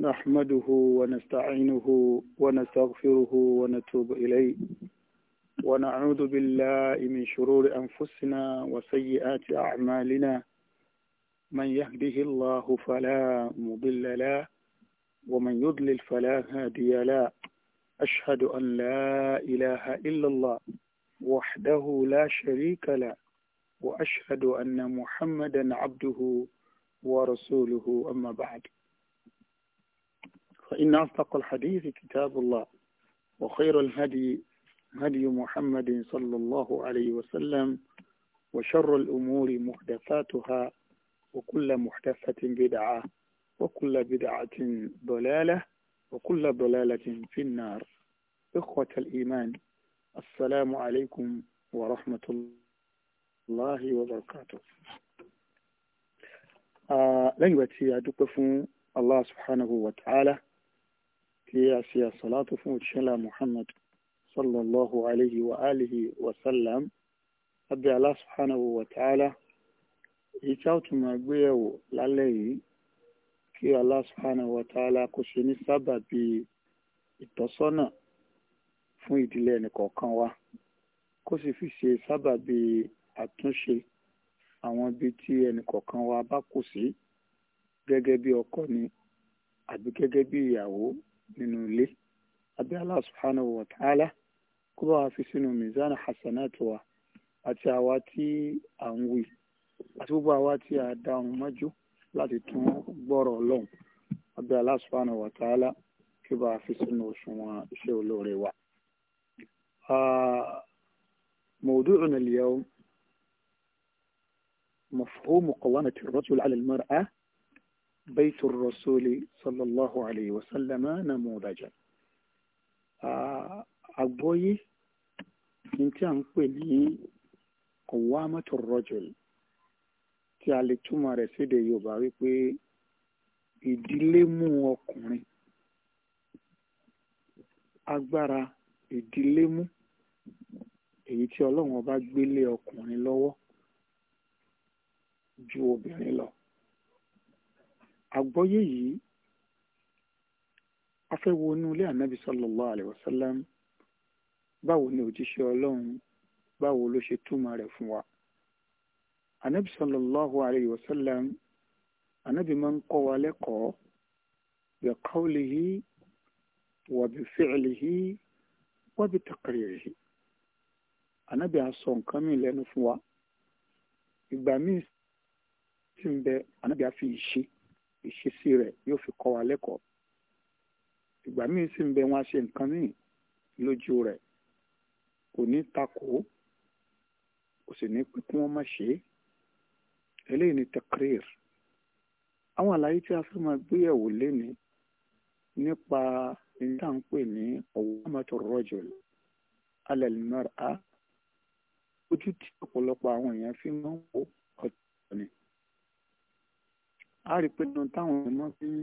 نحمده ونستعينه ونستغفره ونتوب إليه ونعوذ بالله من شرور أنفسنا وسيئات أعمالنا من يهده الله فلا مضل له ومن يضلل فلا هادي له أشهد أن لا إله إلا الله وحده لا شريك له وأشهد أن محمدا عبده ورسوله أما بعد فإن أصدق الحديث كتاب الله وخير الهدي هدي محمد صلى الله عليه وسلم وشر الأمور محدثاتها وكل محدثة بدعة وكل بدعة ضلالة وكل ضلالة في النار إخوة الإيمان السلام عليكم ورحمة الله وبركاته آه لن يوتي الله سبحانه وتعالى tí a ṣe àsàlátù fún òṣìṣẹ́lá Muhammad sallallahu alayhi wa alihi wa sallam abẹ́ Allah subhanahu wa ta'ala èyí tí a tún máa gbé yẹ̀wò lálẹ́ yìí kí Allah subhanahu wa ta'ala kó ṣe ní sábàbí ìtọ́sọ́nà fún ìdílé ẹnìkọ̀ọ̀kan wa kó sì fi ṣe sábàbí àtúnṣe àwọn ibi tí ẹnìkọ̀ọ̀kan wa bá kù sí gẹ́gẹ́ bí ọkọ ni àbí gẹ́gẹ́ bí ìyàwó nínú ilé àbí Allah subhanahu wa ta'ala kó bá wa fi sínú mizana hasanat wa àti àwa tí à ń wí àti gbogbo àwa tí a dá ohun mọ́jú láti tún gbọ́rọ̀ ọlọ́run àbí Allah subhanahu kí bá a fi sínú òṣùwọ̀n iṣẹ́ olóore wa. موضوعنا اليوم مفهوم قوامة الرجل على المرأة بيت الرسول صلى الله عليه وسلم نموذجا أبوي ní tí a ń pè ní qawamatu rajul tí a lè túmọ̀ rẹ̀ sédè Yorùbá wípé ìdílé mú ọkùnrin agbára ìdílé mú èyí tí Ọlọ́run ọba gbélé ọkùnrin lọ́wọ́ ju obìnrin lọ àgbọ́yé yìí a fẹ́ wo inú ilé ànábì sallallahu alayhi wa sallam báwo ni òjíṣẹ́ ọlọ́run báwo ló ṣe túmọ̀ rẹ̀ fún wa ànábì sallallahu alayhi wa sallam ànábì máa ń kọ́ wa lẹ́kọ̀ọ́ bi qawlihi wa bi fi'lihi nǹkan mi lẹ́nu fún wa ìgbà míì sì ń bẹ ànábì á ìṣe ìṣesí rẹ̀ yóò fi kọ́ wa lẹ́kọ̀ọ́ ìgbà míì sì ń bẹ wọn ṣe nǹkan míì lójú rẹ̀ kò ní takò kò sì ní pé kí wọ́n má ṣe é eléyìí ni takrir àwọn àlàyé tí a fi máa gbéyẹ̀wò lénìí nípa níta ń pè ní ọ̀wọ́mọ̀tò rọ́jòl alẹ́lìmọ́ra ojú tí ọ̀pọ̀lọpọ̀ àwọn èèyàn fi máa ń wò ọ̀tọ̀ ni a rí pé dandan táwọn ọmọ fi ń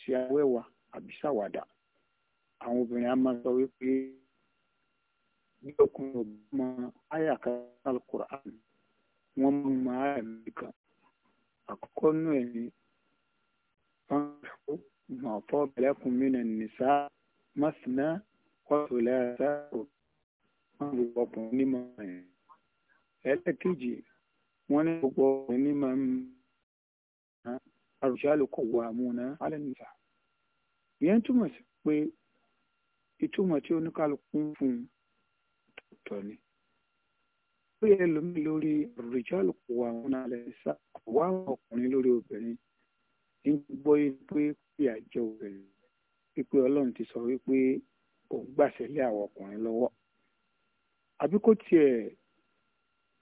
ṣe awẹ́wà àbí ṣàwàdà àwọn obìnrin a máa sọ wípé bí ọkùnrin òbí mọ àyà kan alukur'an wọ́n mú mọ àyà mi kan àkọ́kọ́ nù ẹ̀ ní fáńfù mọ̀ọ́fọ́ bẹ̀rẹ̀kùn mi nà nìṣá mọ́sánná kọ́tù lẹ́ẹ̀ṣẹ́ wọ́n lè ọkùnrin ní mọ̀ ẹ̀ ẹlẹ́kejì wọ́n ní gbogbo ọkùnrin ẹ̀ àrùjálù kọ̀ wọ àmúna alẹ́nisa ìyẹn túmọ̀ sí pé ìtumọ̀ tí oníkálukú ń fún un tọ̀tọ̀ ni ó yẹ lómi lórí àrùjálù kọ̀ wọ àmúna alẹ́nisa kò wá ọkùnrin lórí obìnrin ń gbọ́ yìí pé kí àjẹ obìnrin wípé ọlọ́run ti sọ wípé òun gbàṣẹ lé àwọn ọkùnrin lọ́wọ́ àbí kó tiẹ̀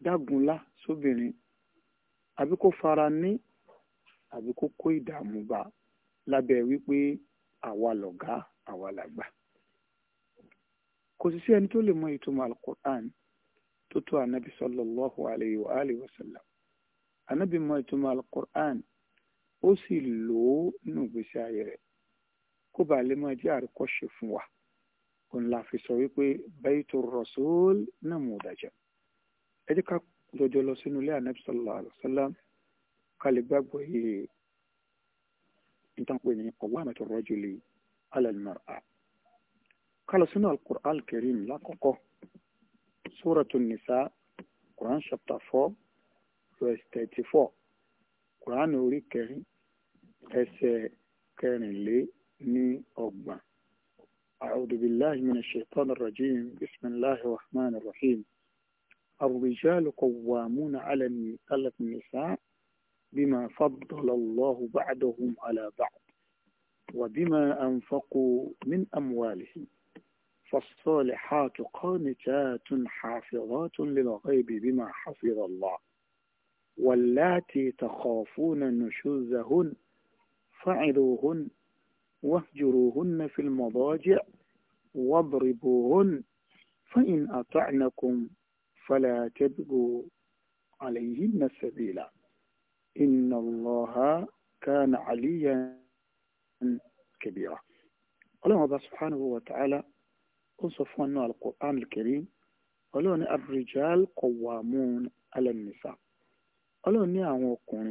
dágunlá sóbìnrin àbí kó fara ní àbí kó kó ìdààmú bá lábẹ́ wípé àwa lọ̀gá àwa làgbà. kò sí sí ẹni tó lè mọ ìtumọ̀ alukur'an tó tó anabi sallallahu alayhi wa alayhi wa sallam anabi mọ ìtumọ̀ alukur'an ó sì lò ó nínú ìgbésí ayé rẹ̀ kó bàa lè máa jẹ́ àríkọ́ṣe fún wa òun la fi sọ wípé baytu rasul náà mú dájọ́ ẹ jẹ́ ká jọjọ lọ sínú ilé anabi sallallahu alayhi wa sallam ká lè gbàgbọ́ yìí ìtànpé ní ọ̀wánàtò rọ́jòlè alàlùmọ́ra ká lọ sínú alukur'an karim lákọ̀ọ́kọ́ sóràtún nìsa quran chapter four verse thirty four quran orí kẹrin ẹsẹ̀ kẹrìnlé ní ọgbọ̀n. أعوذ بالله من الشيطان الرجيم بسم الله الرحمن الرحيم الرجال قوامون على النساء بما فضل الله بعدهم على بعض وبما أنفقوا من أموالهم فالصالحات قانتات حافظات للغيب بما حفظ الله واللاتي تخافون نشوزهن فعذوهن واهجروهن في المضاجع واضربوهن فإن أطعنكم فلا تبقوا عليهن سبيلا inna Allaha kana aliyan kabira ọlọ́run ọba subhanahu wa ta'ala ó sọ fún ọnà al-Qur'an 'ala an-nisa ọlọ́run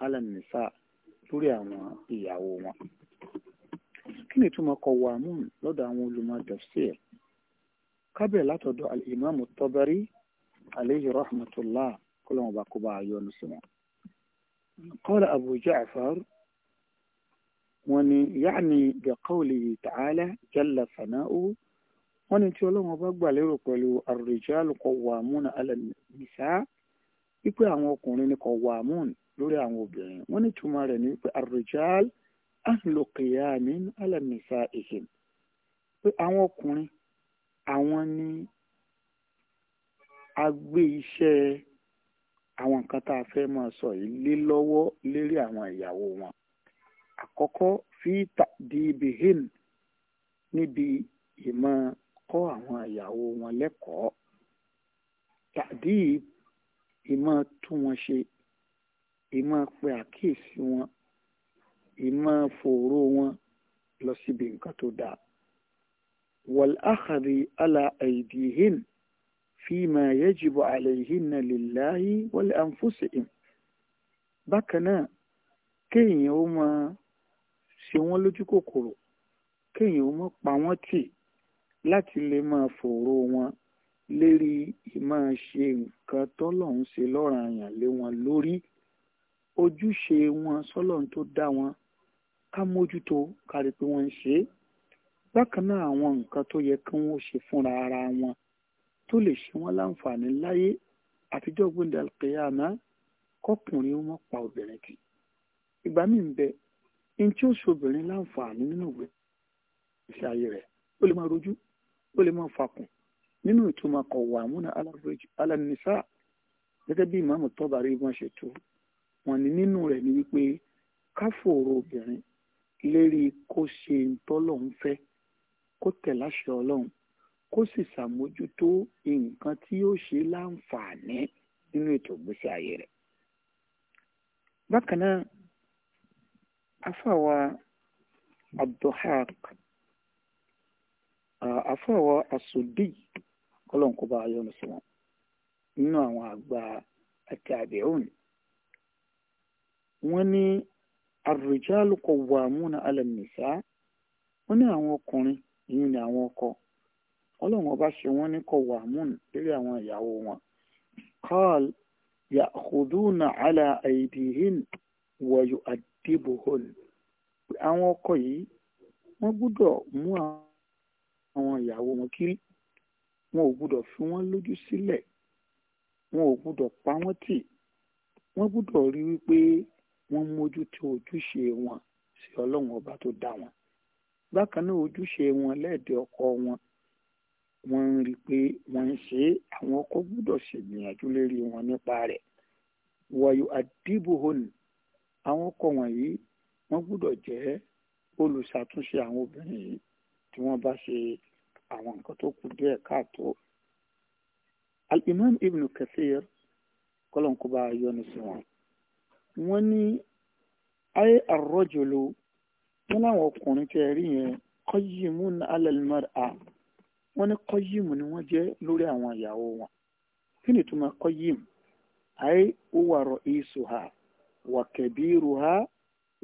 'ala lórí àwọn ìyàwó wọn kí ni ìtumọ̀ qawwamun lọ́dọ̀ àwọn olùmọ̀ kábẹ̀rẹ̀ látọ̀dọ̀ alìmáàmù tọ́bẹ̀rí alayhi rahmatullah kọ́lọ́mù bá kó bá a yọnu sí wọn. قال أبو جعفر وني يعني بقوله تعالى جل ثناؤه wọ́n ní tí ọlọ́run bá gbà lérò pẹ̀lú ar-rijalu qawwamuna 'ala an-nisa wípé àwọn ọkùnrin ni qawwamun lórí àwọn obìnrin wọ́n ní túmọ̀ rẹ̀ ní wípé ar-rijal ahlu qiyamin 'ala an-nisa'ihim pé àwọn ọkùnrin àwọn ni a gbé iṣẹ́ àwọn nǹkan tá a fẹ́ máa sọ yìí lé lọ́wọ́ lérí àwọn ìyàwó wọn àkọ́kọ́ fi di ibihin níbi ìmọ̀ kọ́ àwọn ìyàwó wọn lẹ́kọ̀ọ́ tàbí ìmọ̀ tún wọn ṣe ìmọ̀ pe àkíyèsí wọn ìmọ̀ fòòró wọn lọ síbi nǹkan tó dáa. والأخذ على أيديهن فيما يجب عليهن لله ولأنفسهم بكنا كين يوم سيوان لجوكو كورو كين يوم قوانتي láti lè máa fòòró wọn lérí ìmáa ṣe nǹkan tọ́lọ́hún ṣe lọ́ranyàn lé wọn lórí ojúṣe wọn sọ́lọ́hún tó dá wọn ká mójútó kárí pé wọ́n ń ṣe é bákan náà àwọn nǹkan tó yẹ kí wọ́n ṣe fúnra ara wọn tó lè ṣe wọ́n láǹfààní láyé àtijọ́ gbọ́ndà kìyàmá kọkùnrin ó mọ̀ pa obìnrin kì ìgbà míì ń bẹ ní tí ó ṣobìnrin láǹfààní nínú ìwé ìṣe ayé rẹ̀ ó lè máa rojú ó lè máa fakùn nínú ìtumọ̀ kọ̀ wà múna alánisa gẹ́gẹ́ bí ìmáàmù tọ́bàrí wọn ṣe tó wọn ni nínú rẹ̀ ni wípé káfòrò obìnrin lérí kó ṣe ń tọ́lọ̀ ń fẹ́ kó tẹ̀lé àṣẹ ọlọ́run kó sì ṣàmójútó nǹkan tí yóò ṣe láǹfààní nínú ètò ìgbésí ayé rẹ̀. bákan náà afáwa abdulhaq afáwa asòdì ọlọ́run kó bá a yọ́nú sí wọn nínú àwọn àgbà àti àbẹ̀hùn wọ́n ní ar-rijalu qawwamuna 'ala an-nisa wọ́n ní àwọn ọkùnrin ìyún ni àwọn ọkọ ọlọ́run ọba ṣe wọ́n ní kọ̀wọ̀ àmúnù lórí àwọn ìyàwó wọn qal ya'khuduna ala aydihin wa yu'addibuhun àwọn ọkọ yìí wọ́n gbọ́dọ̀ mú àwọn ìyàwó wọn kiri wọn ò gbọ́dọ̀ fi wọ́n lójú sílẹ̀ wọn ò gbọ́dọ̀ pa wọ́n tì wọ́n gbọ́dọ̀ rí wípé wọ́n mójútó ojúṣe wọn sí ọlọ́run ọba tó dá wọn bákan náà ojúṣe wọn lẹ́ẹ̀dẹ̀ ọkọ wọn wọ́n ń rí i pé wọ́n ń ṣe é àwọn ọkọ gbọ́dọ̀ ṣègbìyànjú lérí wọn nípa rẹ̀ wọ̀yọ̀ àdìbòhónì àwọn ọkọ wọ̀nyí wọ́n gbọ́dọ̀ jẹ́ olùṣàtúnṣe àwọn obìnrin yìí tí wọ́n bá ṣe àwọn nǹkan tó kù díẹ̀ káàtó. al-imam ibn kathir kọ́lọ́nkúba yọ́nu sí wọn. wọ́n ní ayé àrọ́jòló wọ́n láwọn ọkùnrin tẹ́ ẹ rí yẹn kọ́yìmù alẹ́lmọ́r a wọ́n ní kọ́yìmù ni wọ́n jẹ́ lórí àwọn ìyàwó wọn kí ni túmọ̀ kọ́yìmù ayé wúwarọ̀ èso ha wàkẹ́bíru ha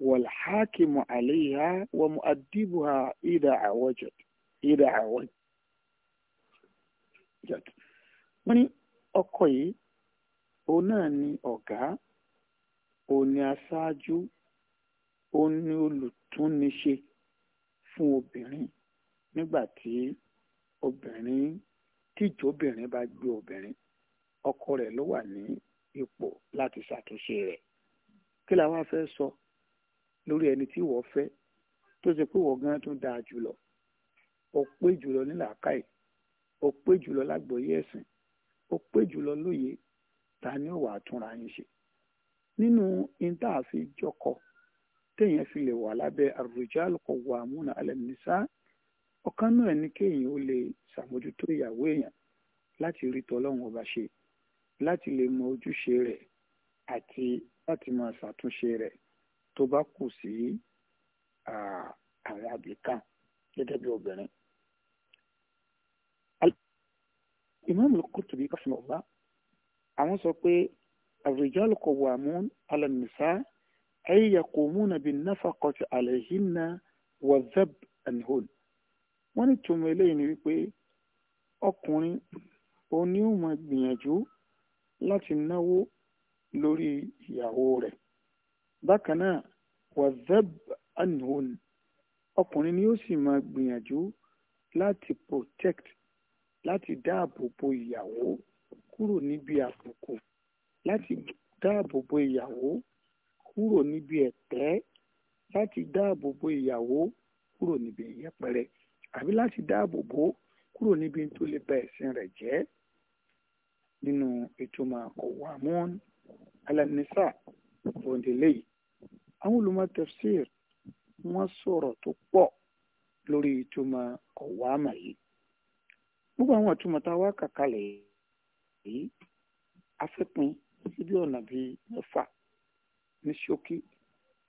wàlhákìmù àléyà wàmù àdìbò ha ìdá àwọ̀jọ̀ ìdá àwọ̀jọ̀ wọ́n ní ọkọ yìí òun náà ni ọ̀gá òun ni aṣáájú ó ní olùtúnniṣe fún obìnrin nígbà tí obìnrin tíjọbìnrin bá gbé obìnrin ọkọ rẹ̀ ló wà ní ipò láti ṣàtúnṣe rẹ̀ kí la wá fẹ́ sọ lórí ẹni tí wọ́n fẹ́ tó ṣe pé wọ́n gan tún dáa jùlọ ó pé jùlọ nílàákàyè ó pé jùlọ lágbòye ẹ̀sìn ó pé jùlọ lóye ta ni ó wà á túnra yín ṣe nínú intaàfi jọkọ téèyàn fi lè wà lábẹ́ ar-rijal qawwamuna 'ala an-nisa ọ̀kan náà ni kéèyàn ó lè ṣàmójútó ìyàwó èèyàn láti rí tọ́lọ́run ọba ṣe láti lè mọ ojúṣe rẹ̀ àti láti máa ṣàtúnṣe rẹ̀ tó bá kù sí àwọn àbíkàn gẹ́gẹ́ bí obìnrin. Imam al-Qurtubi rahimahullah àwọn sọ pé ar-rijal qawwamun 'ala an أي يقومون بالنفقة عليهن والذب عنهن wọ́n ní túmọ̀ eléyìí ni wípé ọkùnrin òní ò máa gbìyànjú láti náwó lórí ìyàwó rẹ̀ bákan náà wazab anhun ọkùnrin ni ó sì máa gbìyànjú láti protect láti dáàbò bo ìyàwó kúrò níbi àbùkù láti dáàbò bo ìyàwó kúrò níbi ẹ̀tẹ́ láti dáàbò bo ìyàwó kúrò níbi ìyẹpẹrẹ àbí láti dáàbò bo kúrò níbi tó lè ba ẹ̀sìn rẹ̀ jẹ́ nínú ìtumọ̀ ọ̀wàmọ́n alanisa òǹdílé yìí àwọn olùmọ̀ tafsir wọ́n sọ̀rọ̀ tó pọ̀ lórí ìtumọ̀ ọ̀wàmọ̀ yìí gbogbo àwọn ìtumọ̀ tá a wá kàkálẹ̀ yìí afẹ́pin síbi ọ̀nà bíi mẹ́fà ní ṣókí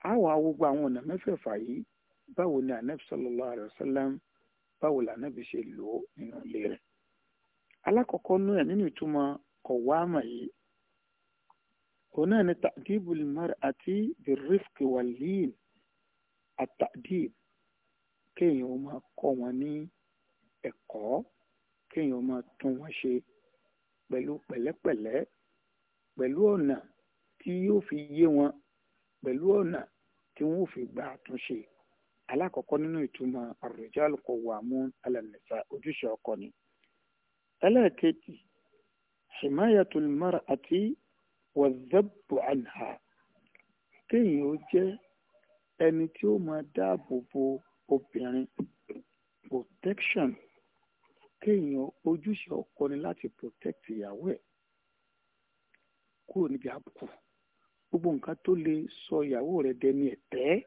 a wà gbogbo àwọn ọ̀nà mẹ́fẹ̀ẹ̀fà yìí báwo ni anabi sallallahu alayhi wa sallam báwo la anabi ṣe lò ó nínú ilé rẹ̀ alákọ̀ọ́kọ́ nú ẹ̀ nínú ìtumọ̀ kọ̀wáàmà yìí òun náà ni ta'dibu al-mar'ati bir-rifqi wal-lin at-ta'dib kéèyàn ó máa kọ́ wọn ní ẹ̀kọ́ kéèyàn ó máa tún wọn ṣe pẹ̀lú pẹ̀lẹ́pẹ̀lẹ́ pẹ̀lú ọ̀nà tí yóò fi yé wọn pẹ̀lú ọ̀nà tí wọ́n fi gba àtúnṣe alákọ̀ọ́kọ́ nínú ìtumọ̀ ar-rijal qawwamun 'ala an-nisa ojúṣe ọkọ ni. ẹlẹ́ẹ̀kejì himayatul mar'ati waz-zabbu 'anha kéèyàn ó jẹ́ ẹni tí ó máa dáàbò bo obìnrin protection kéèyàn ojúṣe ọkọ ni láti protect ìyàwó ẹ̀ kúrò níbi àbùkù gbogbo nǹkan tó lè sọ ìyàwó rẹ̀ dẹni ẹ̀tẹ́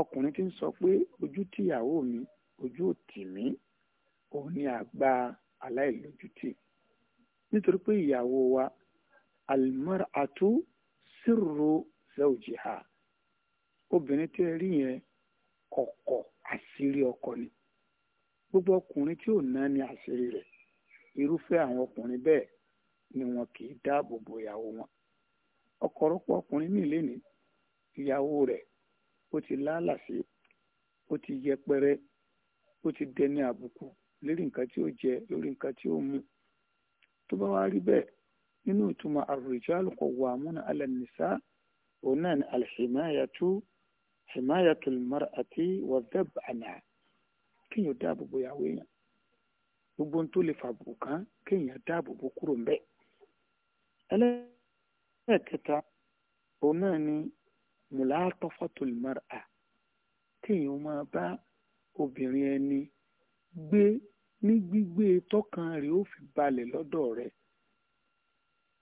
ọkùnrin tí ń sọ pé ojú tí ìyàwó mi ojú ò tì mí òun ni àgbà aláìlójútì nítorí pé ìyàwó wa almar'atu sirru zawjiha obìnrin tí ẹ rí yẹn kọ̀kọ̀ àṣírí ọkọ ni gbogbo ọkùnrin tí ò ná ni àṣírí rẹ̀ irúfẹ́ àwọn ọkùnrin bẹ́ẹ̀ ni wọn kì í dáàbò bo ìyàwó wọn ọ̀pọ̀lọpọ̀ ọkùnrin ní ìlénì ìyàwó rẹ̀ ó ti lálàsí ó ti yẹpẹrẹ ó ti dẹni àbùkù lórí nǹkan tí ó jẹ lórí nǹkan tí ó mu tó bá wá rí bẹ́ẹ̀ nínú ìtumọ̀ ar-rijalu qawwamuna 'ala an-nisa òun náà ni al-himayatu himayatu al-mar'ati wa dhab' anha kéèyàn dáàbò bo ìyàwó èèyàn gbogbo ohun tó lè fàbùkù kàn kéèyàn dáàbò bo kúrò ń ẹ̀kẹta òun náà ni mulatafatul mar'a kéèyàn máa bá obìnrin ẹni gbé ní gbígbé tọkàn rẹ̀ ó fi balẹ̀ lọ́dọ̀ rẹ̀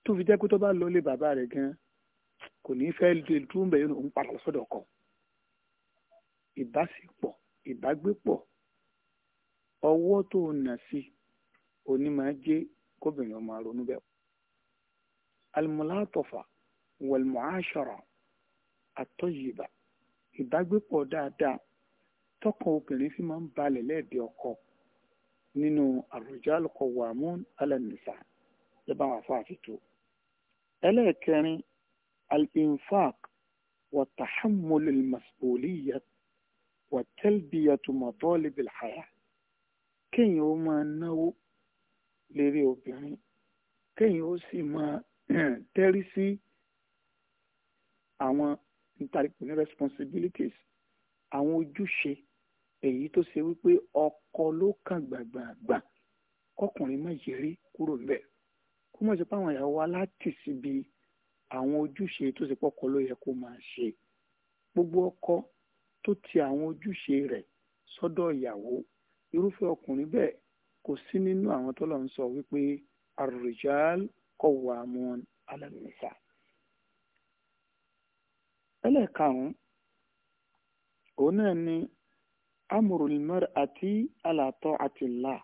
tó fi jẹ́ pé tó bá lọlé bàbá rẹ̀ gan kò ní fẹ́ dúró ń bẹ̀ ń padà sọ́dọ̀ ọkọ ìbásepọ̀ ìbágbépọ̀ ọwọ́ tó nà sí oní máa jẹ́ kóbìnrin ọmọ ronú bẹ́ẹ̀ الملاطفة والمعاشرة الطيبة يبقى دا دا تقو كلي في من بالي نينو الرجال قوامون على النساء يبقى فاتتو ألا كان الإنفاق وتحمل المسؤولية وتلبية مطالب الحياة كان يوم أنه لذي كان يوسي ما Um, tẹ́rí sí àwọn ìtàlẹ́pọ̀ ní responsibilities àwọn ojúṣe èyí tó ṣe wípé ọkọ ló kàn gbàgbàgbà kọkùnrin má yẹrí kúrò ńbẹ̀ kó mọ̀ sí pé àwọn ìyàwó wa láti síbi àwọn ojúṣe tó ṣe pọ́kọ ló yẹ kó máa ṣe gbogbo ọkọ tó ti àwọn ojúṣe rẹ̀ sọ́dọ̀ ìyàwó irúfẹ́ ọkùnrin bẹ́ẹ̀ kò sí nínú àwọn tó lọ ń sọ wípé ar قوامون على النساء ẹlẹ́ẹ̀karùn-ún òun náà ni amrul mar'ati ala ta'ati Allah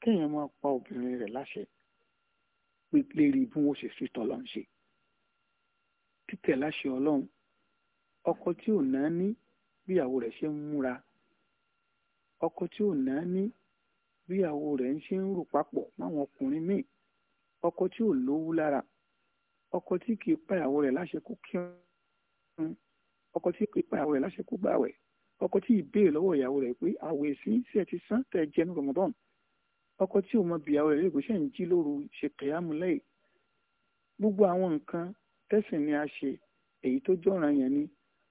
kéèyàn máa pa obìnrin rẹ̀ láṣẹ lérí bí wọ́n ṣe fi tọ́lọ́run ṣe títẹ̀ láṣẹ ọlọ́run ọkọ tí ò náà ní bíyàwó rẹ̀ ṣe ń múra ọkọ tí ò náà ní bíyàwó rẹ̀ ń ṣe ń rò papọ̀ máwọn ọkùnrin míì ọkọ tí ò lówú lára ọkọ tí kì í pa ìyàwó rẹ̀ láṣẹ kó kírun ọkọ tí kì í pa ìyàwó rẹ̀ láṣẹ kó gbàwẹ̀ ọkọ tí ìbéèrè lọ́wọ́ ìyàwó rẹ̀ pé àwẹ̀ sí sí ẹ ti sán tẹ̀ jẹ́ ní Ramadan ọkọ tí ò mọ bí ìyàwó rẹ̀ lè gbé jí lóru ṣe kẹ̀yàmù lẹ́yìn gbogbo àwọn nǹkan tẹ̀sìn ni a ṣe èyí tó jọ̀ràn yẹn ni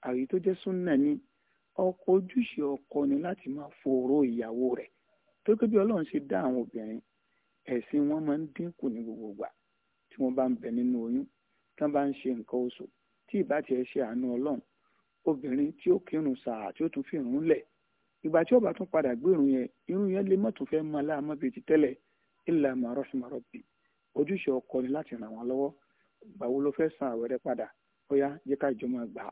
àrí tó jẹ́ súnà ni ọkọ ojúṣe ọkọ ni láti máa fòòró ìyàwó rẹ̀ tó gbé bí ṣe dá àwọn obìnrin ẹ̀sìn wọn máa ń dínkù ní gbogbo ìgbà tí wọn bá ń bẹ nínú oyún tí wọ́n bá ń ṣe nǹkan oṣù tí ìbá tiẹ̀ ṣe àánú ọlọ́run obìnrin tí ó kírun sàá tí ó tún fi ìrun lẹ̀ ìgbà tí ó bá tún padà gbé yẹn yẹn lè fẹ́ máa láàmú ma ojúṣe ọkọ ni láti ràn wọ́n lọ́wọ́ ìgbà wo ló fẹ́ san padà máa gbà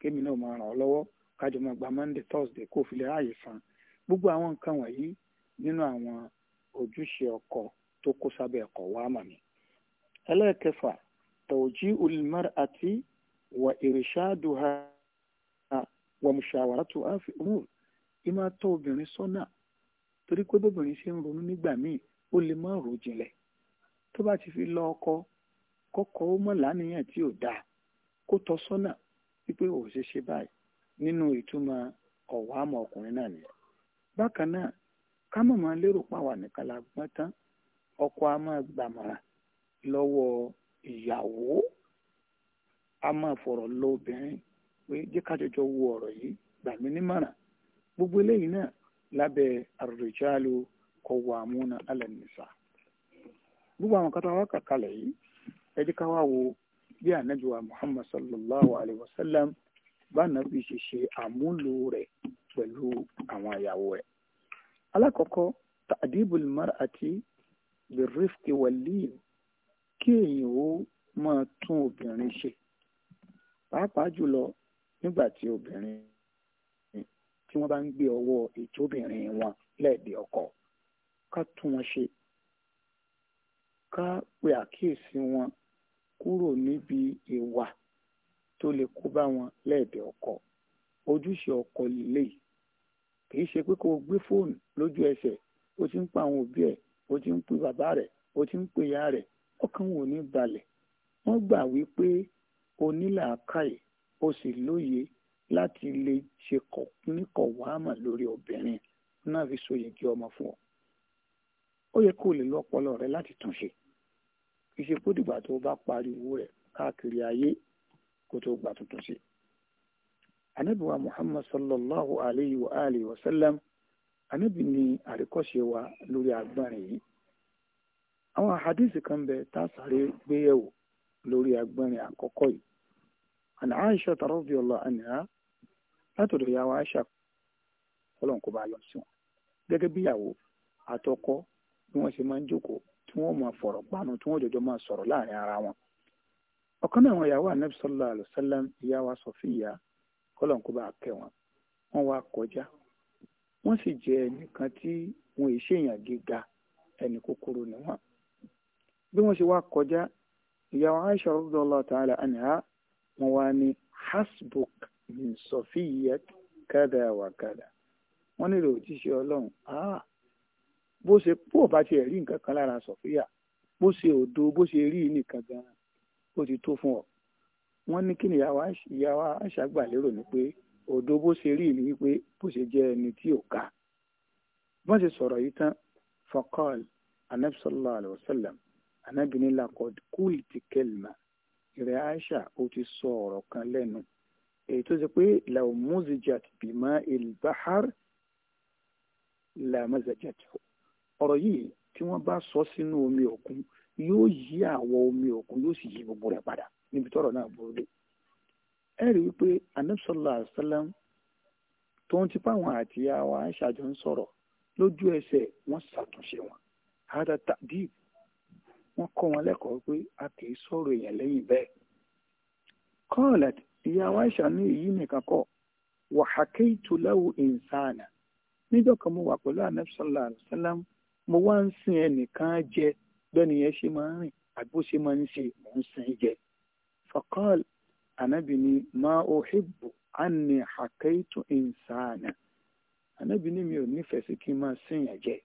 kémi náà máa ràn ọ́ gbogbo àwọn nǹkan wọ̀nyí nínú àwọn ojúṣe ọkọ tó kó sábẹ́ ẹ̀kọ́ wá mà mí. ẹlẹ́ẹ̀kẹfà tọ̀jí olùmọ́ra àti wà ìrìṣàdùhà wà mùsàwárátù àfi umur ìmọ̀ tọ́ obìnrin sọ́nà torí pé bóbìnrin ṣe ń ronú nígbà míì ó lè má rò jinlẹ̀ tó bá ti fi lọ ọkọ kọ́kọ́ ó mọ̀ láníyàn tí ò dáa kó tọ́ sọ́nà wípé ò ṣe ṣe báyìí nínú ìtumọ̀ ọ̀wá àmọ́ ọkùnrin náà nìyẹn. bákan náà ká mọ̀ lérò pàwà nìkan la gbọ́n tán ọkọ a máa gbàmọ̀ràn lọ́wọ́ ìyàwó a máa fọ̀rọ̀ lọ obìnrin pé jẹ́ ká jọjọ wo ọ̀rọ̀ yìí gbà mí nímọ̀ràn gbogbo eléyìí náà lábẹ́ ar-rijalu qawwamuna 'ala an-nisa gbogbo àwọn kata wa kàkàlẹ̀ yìí ẹ jẹ́ ká wá wo bí ànábì muhammad sallallahu alayhi wa sallam bá ànábì ṣe ṣe àmúlò rẹ̀ pẹ̀lú àwọn ìyàwó rẹ̀ alákọ̀ọ́kọ́ ta'dibul mar'ati bẹ̀rẹ̀fẹ̀ wẹ̀líìn kí èèyàn ó máa tún obìnrin ṣe pàápàá jùlọ nígbà tí obìnrin tí wọ́n bá ń gbé ọwọ́ ìjóbìnrin wọn lẹ́ẹ̀dẹ̀ ọkọ ká tún wọn ṣe ká pe àkíyèsí wọn kúrò níbi ìwà tó lè kó bá wọn lẹ́ẹ̀dẹ̀ ọkọ ojúṣe ọkọ lílé kì í ṣe pé kó o gbé fóònù lójú ẹsẹ̀ ó ti ń pa àwọn òbí ẹ̀ ó ti ń pe bàbá rẹ̀ ó ti ń pe ìyá rẹ̀ ọkàn wò ní balẹ̀ wọ́n gbà wípé onílàákàyè ó sì lóye láti lè ṣe níkọ̀ wàhámà lórí obìnrin náà fi so yege ọmọ fún ọ ó yẹ kó o lè lọ́pọlọ rẹ láti tún ṣe ìṣepódìgbà tó bá pariwo rẹ káàkiri ayé kó tó gbà tuntun ṣe. anábìwá muhammad sallallahu alayhi wa alihi wa sallam anebi ni àríkọ́ṣe wa lórí agbọ́nrin yìí àwọn kan bẹ tá a sáré gbéyẹ̀wò lórí agbọ́nrin àkọ́kọ́ yìí àná Aisha radiyallahu anha látọ̀dọ̀ ìyàwó Aisha ọlọ́run kò bá yọ sí wọn gẹ́gẹ́ bí ìyàwó àtọkọ bí wọ́n ṣe máa ń jókòó tí wọ́n máa fọ̀rọ̀ panu tí wọ́n ara wọn ọ̀kan náà àwọn ìyàwó Ànábì sallallahu ìyàwó Sọfíyà ọlọ́run kò bá wọn kọjá wọ́n sì jẹ́ ẹnìkan tí wọn è ṣèyàn gíga ẹnì kúkúrú ni wọ́n. bí wọ́n ṣe wá kọjá ìyá wa Aisha radiyallahu ta'ala anha wọn wá ní hasbuk min sofiyyat kada wa kada wọ́n nílò òjíṣẹ́ ọlọ́run bó ṣe bó bá tiẹ̀ rí nǹkan kan lára sọ̀fíà bó ṣe òdo bó ṣe rí nìkan gan-an ó ti tó fún ọ wọ́n ní kí ni ìyá wa lérò ni pé òdo bó ṣe rí ni wípé bó ṣe jẹ́ ẹni tí ò ká wọ́n ṣe sọ̀rọ̀ yìí tán faqal anabi sallallahu alayhi wa sallam anabi ní laqad qulti kalima ìrẹ̀ aisha ó ti sọ ọ̀rọ̀ kan lẹ́nu èyí tó ṣe pé law muzijat bima il bahar la yìí tí wọ́n bá sọ sínú omi òkun yóò yí àwọ̀ omi òkun yóò sì yí gbogbo rẹ̀ padà níbi tọ́rọ̀ náà burú dé ẹ rí wípé anabisọ́lá àṣálàm tó ń tipa wọn àti àwa aṣáájú ń sọ̀rọ̀ lójú ẹsẹ̀ wọ́n ṣàtúnṣe wọn hada tadib wọ́n kọ́ wọn lẹ́kọ̀ọ́ pé a kì í sọ̀rọ̀ èèyàn lẹ́yìn bẹ́ẹ̀ kọ́ọ̀lẹ̀t ìyá wa aṣá ní èyí nìkan kọ́ wàhákéètò láwù ìǹsánà níjọ́ kan mo wà pẹ̀lú anabisọ́lá àṣálàm mo wá ń sin ẹnìkan jẹ bẹ́ẹ̀ ni ẹ ṣe máa ń rìn àgbo máa ń ṣe mò ń sin jẹ anabi ni ma uhibbu anni hakaitu insana anabi ni mi ò nífẹ̀ẹ́ sí kí n máa sìn yàn jẹ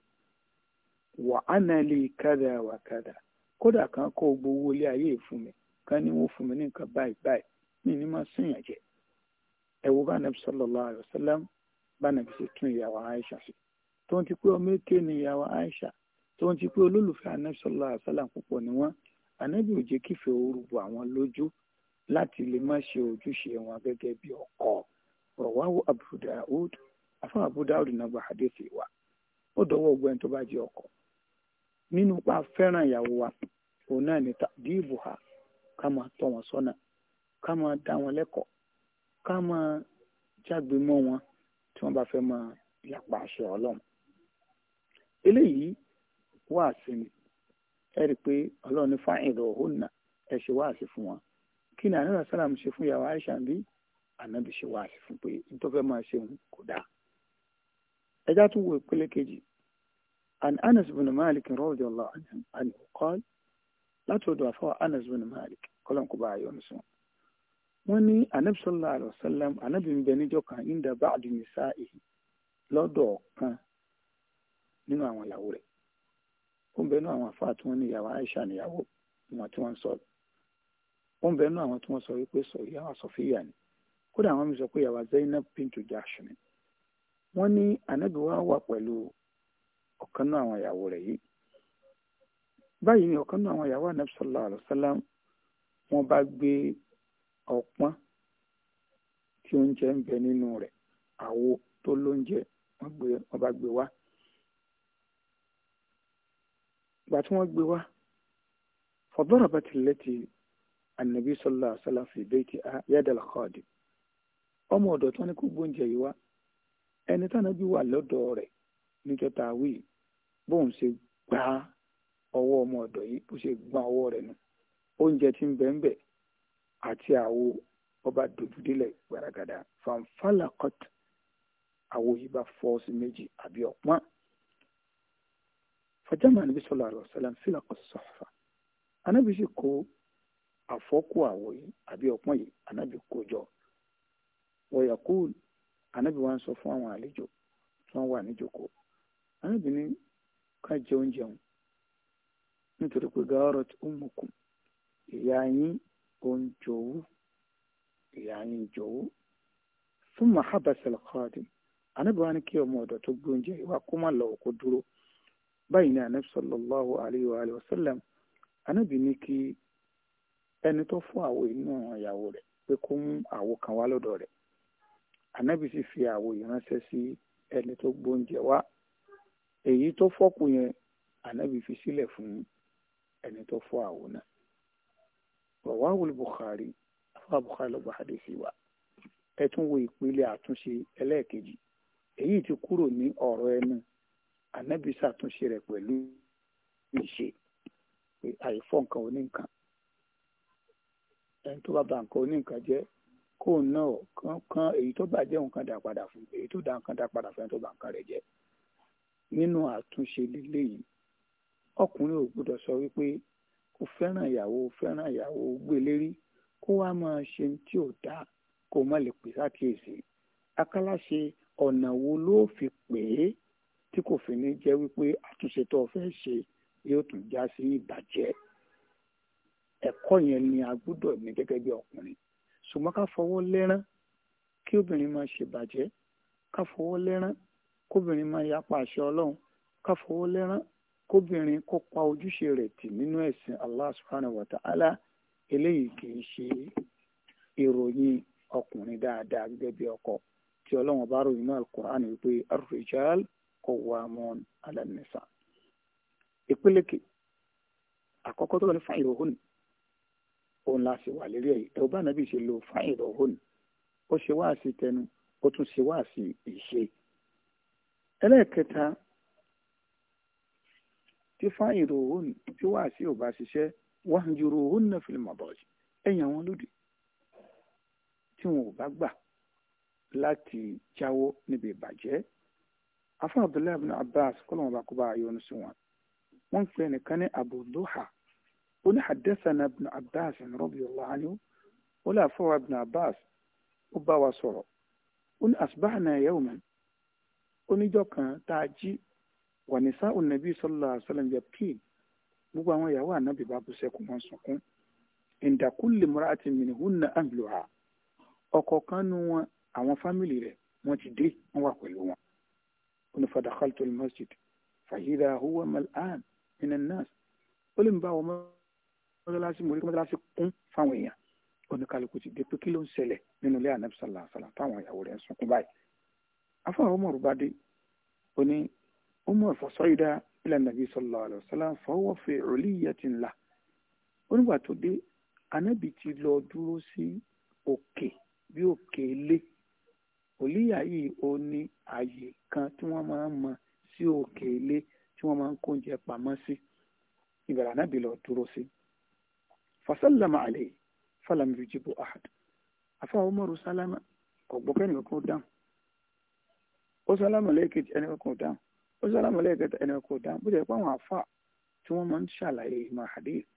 wà á nà lè kádà wà kádà kódà kan kó gbowó ilé ayé fún mi kan ní wọn fún mi ní nǹkan báyìí báyìí mi ní máa sìn yàn jẹ ẹ wo bá nàbì sallallahu alaihi wasallam bá nàbì sì tún ìyàwó Aisha sí tó ń ti pé ọmọ èké ni ìyàwó Aisha tó ń ti pé olólùfẹ́ anabi sallallahu alaihi wasallam púpọ̀ ni wọ́n anabi ò jẹ́ kífẹ́ orúbọ àwọn lójú láti lè má ṣe ojúṣe wọn gẹ́gẹ́ bí ọkọ rọwáwó Abu Daud afọ Abu Daud náà gba wa ó dọwọ́ ogun ẹni tó bá jẹ́ ọkọ nínú pa fẹ́ràn ìyàwó wa òun náà ní tàdíìbù ha ká máa tọ́ wọn sọ́nà ká máa dá wọn lẹ́kọ̀ọ́ ká máa jágbe mọ́ wọn tí wọ́n bá fẹ́ máa yàpá àṣẹ Ọlọ́run eléyìí wá sí ni ẹ rí i pé Ọlọ́run ní fáìn lọ òun náà ẹ ṣe wá sí fún wọn kí ni ànábì sálàm ṣe fún ìyàwó Aisha bí ànábì ṣe wá sí fún pé nítorí máa ṣe òun kò dáa ẹjá tún wo ìpele kejì an Anas bin Malik radiyallahu anhu qala láti ọ̀dọ̀ àfọwọ́ Anas bin Malik kọ́lọ́n kò bá a yọ ní sùn wọ́n ní ànábì sallallahu alaihi wasallam ànábì ń bẹ níjọ́ kan inda ba'di nisa'i lọ́dọ̀ kan nínú àwọn ìyàwó rẹ̀ ó ń bẹ ó ń bẹ nú àwọn tí wọ́n sọ wípé ìyàwó Sọfíyà ni kódà àwọn mi sọ pé ìyàwó Zainab pinto Jahsh ni wọ́n ní ànábì wa wà pẹ̀lú ọ̀kan náà àwọn ìyàwó rẹ̀ yìí báyìí ni ọ̀kan náà àwọn ìyàwó ànábì sallallahu alaihi wasallam wọ́n bá gbé ọpọ́n tí oúnjẹ ń bẹ nínú rẹ̀ àwo tó lóúnjẹ wọ́n bá gbé wá ìgbà tí wọ́n gbé wá fọdọrọ bá tilẹ̀ ti ànàbí sọlá sọlá fi bẹ́ẹ̀tì á yádàlá kọ́ọ̀dì ọmọ ọ̀dọ̀ tó ní kó gbóúnjẹ yìí wá ẹni tánà bí wà lọ́dọ̀ rẹ̀ níjọta wí bóun ṣe gbá ọwọ́ ọmọ ọ̀dọ̀ yìí bó ṣe gbá ọwọ́ rẹ̀ nù oúnjẹ tí ń bẹ ń bẹ àti àwo ọba dòdúdílẹ̀ gbaragada fanfàlà kọ́t àwo yìí bá fọ́ sí méjì àbí ọ̀pọ̀n fàjámà ànàbí sọlá àlọ́ sọlá ń fìlà kọ́ sọ̀fà àfọ́kù àwọ̀ yìí àbí ọpọ́n yìí ànábì kó jọ wọ̀yàkú ànábì wa ń sọ fún àwọn àlejò tí wọ́n wà níjókòó ànábì ní ká jẹun jẹun nítorí pé gaarot umukum ìyá yín ó ń jowú ìyá yín ń jowú fún mahabasal khadim ànábì wa ní kí ọmọ ọ̀dọ̀ tó gbé oúnjẹ ìwà kó má lọ òkú dúró báyìí ní ànábì sallallahu alayhi wa sallam ànábì ní kí ẹni tó fún àwo inú ìyàwó rẹ̀ pé kó mú àwo kan wá lọ́dọ̀ rẹ̀ ànábì sì fi àwo yìí ránṣẹ́ sí ẹni tó gbóúnjẹ wá èyí tó fọ́kù yẹn ànábì fi sílẹ̀ fún ẹni tó fọ́ àwo náà rọwáwul Bukhari afa Bukhari ló gba hadisi wa ẹ tún wo ìpele àtúnṣe ẹlẹ́ẹ̀kejì èyí tí kúrò ní ọ̀rọ̀ ẹnu ànábì ṣàtúnṣe rẹ̀ pẹ̀lú ìṣe àìfọ́ nǹkan oníkan ẹni tó bá ba nǹkan oníǹkan jẹ́ kó náà kán kán èyí tó bàjẹ́ nǹkan dà padà fún èyí tó dà nǹkan dà padà fún ẹni tó ba nǹkan rẹ̀ jẹ́ nínú àtúnṣe lélẹ́yìí ọkùnrin ò gbọdọ̀ sọ wípé kò fẹ́ràn ìyàwó fẹ́ràn ìyàwó gbélérí kó wá máa ṣe tí ò dáa kó má lè pè sákìyèsí akáláṣe ọ̀nà wo ló fi pè é tí kò fi ní jẹ́ wípé àtúnṣe tó o fẹ́ ṣe yóò tún já sí ìbàjẹ́ ẹ̀kọ́ yẹn ni a gbúdọ̀ ní gẹ́gẹ́ bí ọkùnrin ṣùgbọ́n ká fọwọ́ lẹ́rán kí obìnrin máa ṣèbàjẹ́ ká fọwọ́ lẹ́rán kóbìnrin máa yapa àṣẹ ọlọ́run ká fọwọ́ lẹ́rán kóbìnrin kó pa ojúṣe rẹ̀ tì nínú ẹ̀sìn Allah subhanahu wa ta'ala eléyìí kì í ṣe ìròyìn ọkùnrin dáadáa gẹ́gẹ́ bí ọkọ tí ọlọ́run bá ròyìn náà Al-Qur'an wípé ar-rijal qawwamun 'ala an-nisa. ìpele àkọ́kọ́ tó lọ ní fún ìròhùn òun la ṣe wà lérí ẹ̀ ẹ̀wọ̀n bá nàbí ṣe lo fáyìn rọ̀hún ó ṣe wá sí tẹnu ó tún ṣe wá sí ìṣe. ẹlẹ́ẹ̀kẹta tí fáyìn rọ̀hún tí wá sí ò bá ṣiṣẹ́ wá ń ju rọ̀hún náà fi mọ̀ bọ̀ sí ẹ̀yìn àwọn lòdì tí wọn ò bá gbà láti jáwọ́ níbi ìbàjẹ́ afọ abdullahi ibn abbas kọlọmọba kọba ayọ ní wọn wọn ń pè nìkan ní abu duha ó ní hadathana ibn abbas radiyallahu anhu ó ní àfọwọ́ ibn abbas ó bá wa sọ̀rọ̀ ó ní asbahna yawman oníjọ́ kan tá a jí wà ní sáà ònàbí sallallahu alaihi wasallam yabkin gbogbo àwọn ìyàwó ànábì bá bú sẹ́kún wọn sunkún inda kulli mura'atin minhunna ahluha ọ̀kọ̀ọ̀kan nu wọn àwọn fámìlì rẹ̀ wọ́n ti dé wọ́n wà pẹ̀lú wọn. ó ní fadakhaltu al-masjid fàyídà huwa mal'an minan nas ó lè ń bá wọn mọ́ mọ́sálásí mo rí kí mọ́sálásí kún fáwọn èèyàn oníkálukú ti dé pé kí ló ń ṣẹlẹ̀ nínú ilé ànábì sallallahu alaihi wasallam táwọn ìyàwó rẹ̀ ń sunkún báyìí afọ́n Umar bá dé ó ní Umar fasayda ila nabi sallallahu alaihi wasallam fahuwa fi uliyyatin lah onígbà tó dé ànábì ti lọ dúró sí òkè bí òkè ilé òlíyà yìí ó ní àyè kan tí wọ́n máa ń mọ sí òkè ilé tí wọ́n máa ń kóúnjẹ pamọ́ sí ìbẹ̀rẹ̀ ànábì lọ Si fasalama عليه فلم yujibu أحد أفا umaru salama ọgbọkẹni kankan dáhùn ó salama lẹ́ẹ̀kejì ẹni kankan dáhùn ó salama lẹ́ẹ̀kẹta ẹni kankan dáhùn bó jẹ́ pé àwọn afa tí wọ́n máa ń ṣàlàyé ìmọ̀ hadith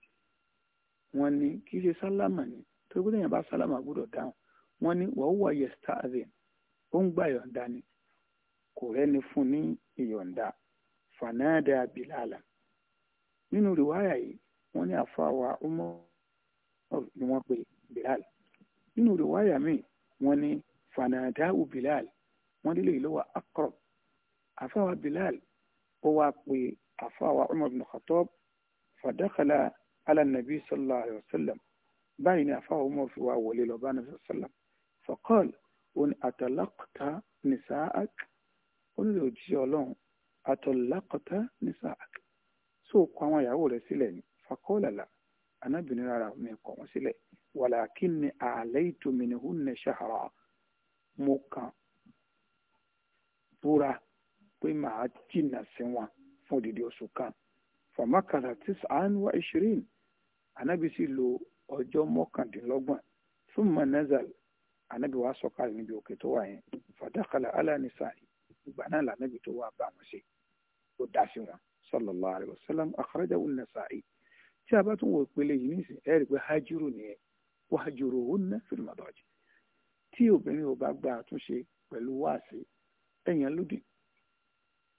wọ́n ní kì í ṣe sálámà ni torí pé lèèyàn bá sálámà gbọ́dọ̀ dáhùn wọ́n ní wàá wà yẹ staazen ó gba ìyọ̀ǹda ni kò rẹ́ni fún ní ìyọ̀ǹda fanada bilala nínú rìwáyà yìí wọ́n ní umar ni wọ́n pe Bilal nínú rìwáyà míì wọ́n ní fanadahu Bilal wọ́n nílé ìlọ́wọ́ akọrọ àfáwà Bilal ó wá pe àfáwà Umar bin Khattab fadakala ala nabi sallallahu alayhi wa sallam báyìí ni àfáwà Umar fi wá wọlé lọ bá nabi sallam faqal òun atalaqta nisaak ó nílò òjíṣẹ́ Ọlọ́run atalaqta nisaak sóò kọ àwọn ìyàwó rẹ̀ sílẹ̀ ní faqala anábìnrin rárá mi kọ̀ wọ́n sílẹ̀ walakinni a'laytu minhunna shahra mo kàn búra pé màá jìnnà sí wọn fún odidi oṣù kan famakara tis'an wa ishirin anabi sì lo ọjọ́ mọ́kàndínlọ́gbọ̀n thumma nazal anabi wa sọ̀kalẹ̀ níbi òkè tó wà yẹn fadakala ala nisa'i ìgbà náà lànàbì tó wà bá wọn ṣe ó dá wọn sallallahu alayhi wa sallam akhrajahu nasai tí a bá tún wọ ìpele yìí nísìnyí ẹ rí i pé hajuru nìyẹn wàjúrò ó ná fìlìmọdọjì tí obìnrin ò bá gba àtúnṣe pẹ̀lú wáàsí ẹ̀yàn lódì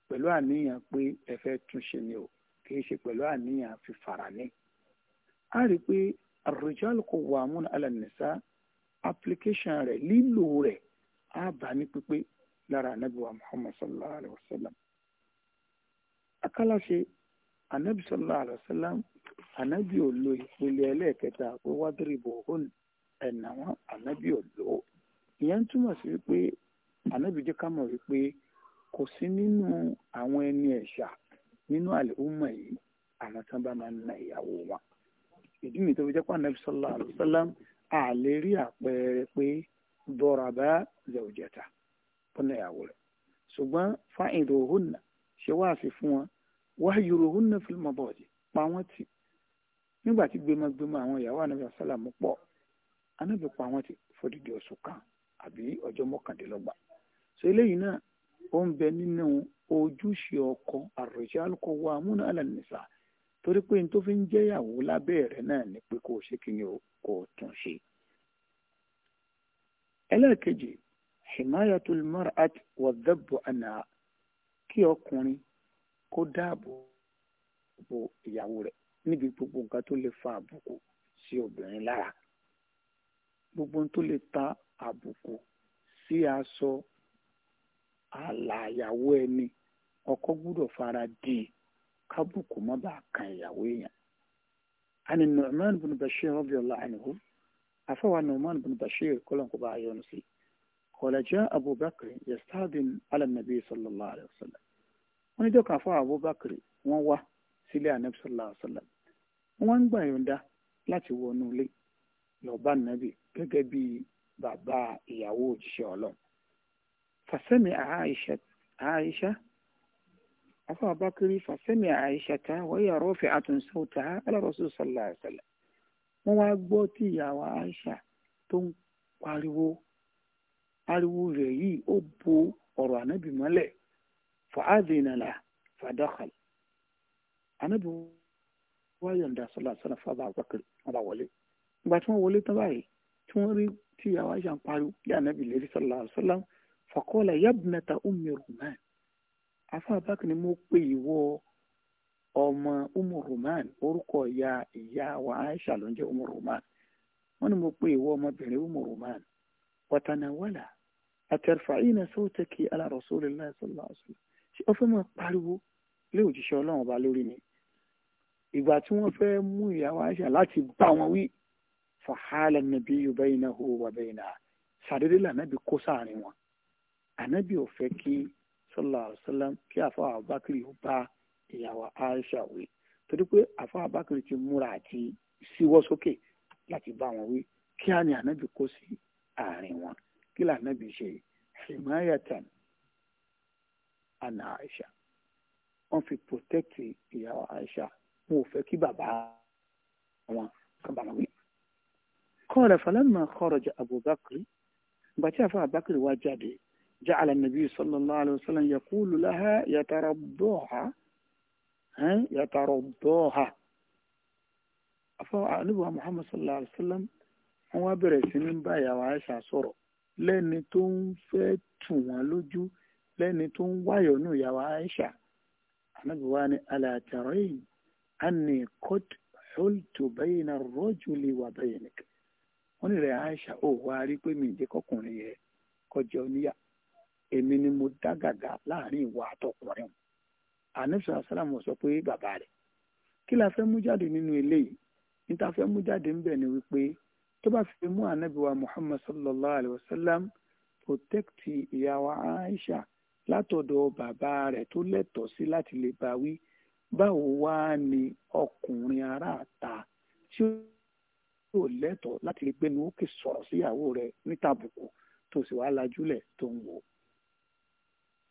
pẹ̀lú àníyàn pé ẹ fẹ́ túnṣe ni o kìí ṣe pẹ̀lú àníyàn fífara ní. a rí i pé ar-rijalu qawwamuna 'ala an application rẹ̀ lílò rẹ̀ á bá ní pípé lára anábìwá muhammad sallallahu alayhi wa sallam. akálàṣe anábì sallallahu alayhi wa sallam ànábì ò lo ìpele ẹlẹ́ẹ̀kẹta pé wádìrì bòhún ẹ̀nà wọn ànábì ò lò ó ìyẹn túmọ̀ sí wípé ànábì jẹ́ ká mọ̀ wípé kò sí nínú àwọn ẹni ẹ̀ṣà nínú àlẹ́hùnmọ̀ yìí àwọn tí wọ́n bá máa ń na ìyàwó wọn ìdí mi tó fi jẹ́ pé ànábì sallallahu alaihi wasallam àlè rí àpẹẹrẹ pé dọ̀rọ̀bá zẹ̀wòjẹ̀ta fúnà ìyàwó rẹ̀ ṣùgbọ́n fáìn ìròhùn ṣe wá sí fún wọn wáyé ìròhùn náà fi mọ́ bọ́ọ̀dì pa wọ́n tì nígbà tí gbémagbéma àwọn ìyàwó ànábì sálàmù pọ̀ ànábì pa àwọn ti fọdìdì oṣù kan àbí ọjọ́ mọ́kàndínlọ́gbà so eléyìí náà ó ń bẹ nínú ojúṣe ọkọ àròjẹ alukọ amúnà alànìsà torí pé n tó fi ń jẹ́yàwó lábẹ́ rẹ̀ náà ni pé kò ṣe kí ni kò tún ṣe. ẹlẹ́ẹ̀kejì himayatul mar'at wa dabbu anha kí ọkùnrin kó dáàbò bo ìyàwó rẹ̀ níbi gbogbo nǹkan tó lè fa àbùkù sí obìnrin lára gbogbo tó lè ta àbùkù sí aṣọ àlàyàwó ẹni ọkọ gbúdọ̀ fara di kábùkù má bàa kan ìyàwó èèyàn. ani Nu'man bin Bashir radiyallahu anhu afawa Nu'man bin Bashir kọlọ̀nkọ bá a yọnu sí. qala jaa Abu Bakr yastadin ala nabi sallallahu alayhi wa sallam. wọ́n ní dọ́kà fún Abu Bakr wá sílé anabi sallallahu alayhi wa sallam wọ́n ń gbà yọ̀ǹda láti wọnú ilé lọ bá nàbì gẹ́gẹ́ bí bàbá ìyàwó òjíṣẹ́ ọlọ́run fàsẹ́mi àáyíṣà afọ abakiri fàsẹ́mi àáyíṣà ta wọ́yà rọ́ọ̀fẹ́ àtúnṣe ta alárọ̀ṣù sọ̀lá àṣàlẹ̀ wọ́n wá gbọ́ tí ìyàwó àáyíṣà tó ń pariwo ariwo rẹ̀ yìí ó bo ọ̀rọ̀ ànábì mọ́lẹ̀ fàádìnnàlà fàdákàlì ànábì wọ́n wọ́n yọ̀ǹda sọ́lá sọ́lá fábà àbákẹ́rẹ́ wọ́n bá wọlé ìgbà tí wọ́n wọlé tán báyìí tí wọ́n rí tí ìyàwó àṣà ń pariwo bí ànábì lérí sọ́lá sọ́lá fàkọ́lá yabnata ummi ruman afa abákẹ́rẹ́ mo pè ìwọ ọmọ ummu orúkọ ìyá ìyá wa ló ń jẹ́ ummu ruman wọ́n ní mo ìwọ ọmọbìnrin ummu ruman watanawala àtẹrfàáyínà sọ́wọ́tẹ́kì ala rasulillah sọ́lá sọ́lá ṣé ọ fẹ́ pariwo lé òjíṣẹ́ ọlọ́run ọba lórí ni ìgbà tí wọ́n fẹ́ mú ìyàwó àṣà láti bá wọn wí fàhálà nàbí yorùbá iná hó wà bẹ́ẹ̀ náà sàdédé lànàbí kó sáàrin wọn ànàbí ò fẹ́ kí sọlá ọ̀sọ́lá kí àfọ àbákiri ó bá ìyàwó àṣà wí torí pé àfọ àbákiri ti múra àti síwọ́ sókè láti bá wọn wí kí á ànàbí kó sí àárín wọn kí lànàbí ṣe himayatan ana aisha wọn fi protect ìyàwó aisha wọn ò fẹ́ kí bàbá wọn kan bá wọn wí. qala falamma kharaja Abu Bakr gbàtí àfa Abubakar wá jáde ja'ala an-nabiy sallallahu alayhi wa sallam yaqulu laha yataraddaha yataraddaha àfa àníbù Muhammad sallallahu alayhi wa sallam wọn wá bẹ̀rẹ̀ sí ní bá ìyàwó Aisha sọ̀rọ̀ lẹ́ni tó ń fẹ́ tù wọ́n lójú lẹ́ni tó ń wáyọ̀ nù ìyàwó Aisha àníbù wa ni ala tarayni anni qad hultu bayna ar-rajuli wa baynik wọ́n ní rẹ̀ Aisha ò wá rí pé mi ìdí kọkùnrin kọjọ níyà èmi ni mo dá láàrin ìwà àtọkùnrin àníṣe asálàmù sọ pé bàbá rẹ̀ kí la fẹ́ mú jáde nínú eléyìí fẹ́ mú jáde ńbẹ̀ ni wípé tó bá fi mú sallallahu alayhi Aisha látọ̀dọ̀ bàbá rẹ̀ tó lẹ́tọ̀ọ́ sí báwo wá ni ọkùnrin aráàta tí ó lẹ́tọ̀ọ́ láti lè gbénu ókè sọ̀rọ̀ síyàwó rẹ̀ nítàbùkù tó sì wàá lajúlẹ̀ tó ń wò